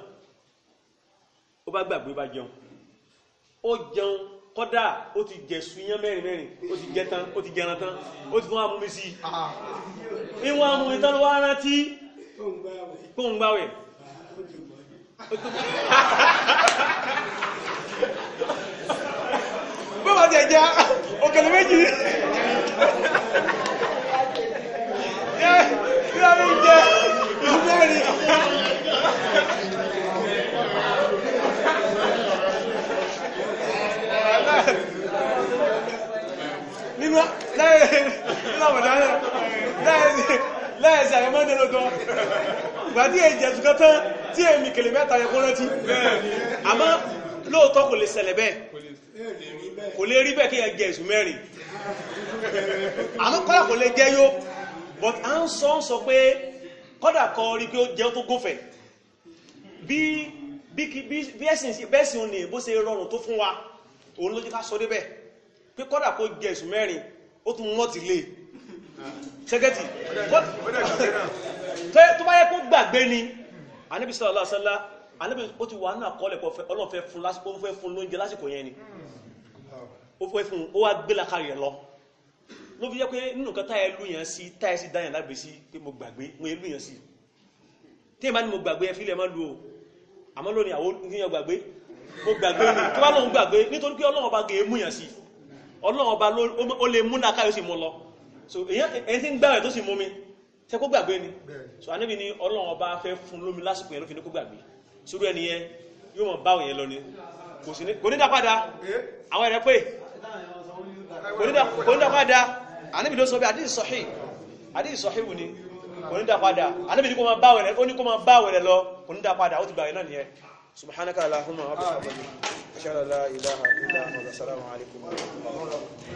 ó bá gbàgbé bá jẹun ó jẹun kọ́dà ó ti jẹ suyán mẹ́rin mẹ́rin ó ti jẹ tán ó ti jẹran tán ó ti tún wá múmi sí i níwọ̀n ah. amúmi tán ló wá rántí kó ń gbààwẹ̀ bó bá jẹ jẹ òkèlè méjì <laughs> lórí jẹ lórí. nínú lẹ́yìn nínú àbọ̀dá lẹ́yìn lẹ́yìn sàrẹ́ mọ́ nílò gan ìgbà tí èyí jẹ́ ṣùgbọ́n tán tí èmi kèlè mẹ́ta yẹ kó rántí àmọ́ lóòótọ́ kò lè ṣẹlẹ̀ bẹ́ẹ̀ kò lè rí bẹ́ẹ̀ kí ẹ jẹ ìsùn mẹ́rin àmọ́ kọ́lá kò lè jẹ́ but à ń sọ ń sọ pé kọ́dà kọ rí pé ó jẹ́ tó gófẹ̀ bí bí ẹ̀sìn bẹ́ẹ̀sìn òní bó ṣe rọrùn tó fún wa òun ló jẹ́ ká sọ débẹ̀ pé kọ́dà kó jẹ ẹ̀sùn mẹ́rin ó tún mọ́tì lé ṣẹ́gẹ́tì tó bá yẹ kó gbàgbé ni Ànábì sallallahu alaihi wasallam Ànábì ó ti wà náà kọ́lẹ̀ pọ̀ Ọlọ́run fẹ́ fún lóúnjẹ lásìkò yẹn ni ó fẹ́ fún ó wá gbé ẹ̀ lọ ló fi jẹ́ pé nínú kan táyà lù yàn sí táyà sí dáyàn lágbè sí pé mo gbàgbé mo lù yàn sí tí ìbá ni mo gbàgbé ẹ fi lè má lu o àmọ́ lónìí àwọn oníyàn gbàgbé mo gbàgbé ni tí wọ́n lóun gbàgbé nítorí pé ọlọ́run ọba gèé mú yàn sí ọlọ́run ọba ó lè mú nàka yóò sì lọ so èyí tí ń gbàgbé tó sì mú mi tẹ kó gbàgbé ni so anábì ni ọlọ́run ọba fẹ́ fún lómi lásìkò yẹn ló fi ní kó gbàgbé ni kò ní dá padà àwọn ẹ̀rẹ́ pé kò ní dá anábì ló sọ bí àdíì sọ̀hí àdíì sọ̀hí wù ní onídàpadà anábì ní kó máa báwẹ̀lẹ̀ ó ní kó máa báwẹ̀lẹ̀ lọ onídàpadà ó ti gbàyẹ̀ náà nìyẹn subhanaka allahumma wa bihamdika ashhadu an la ilaha illa anta astaghfiruka wa atubu ilayk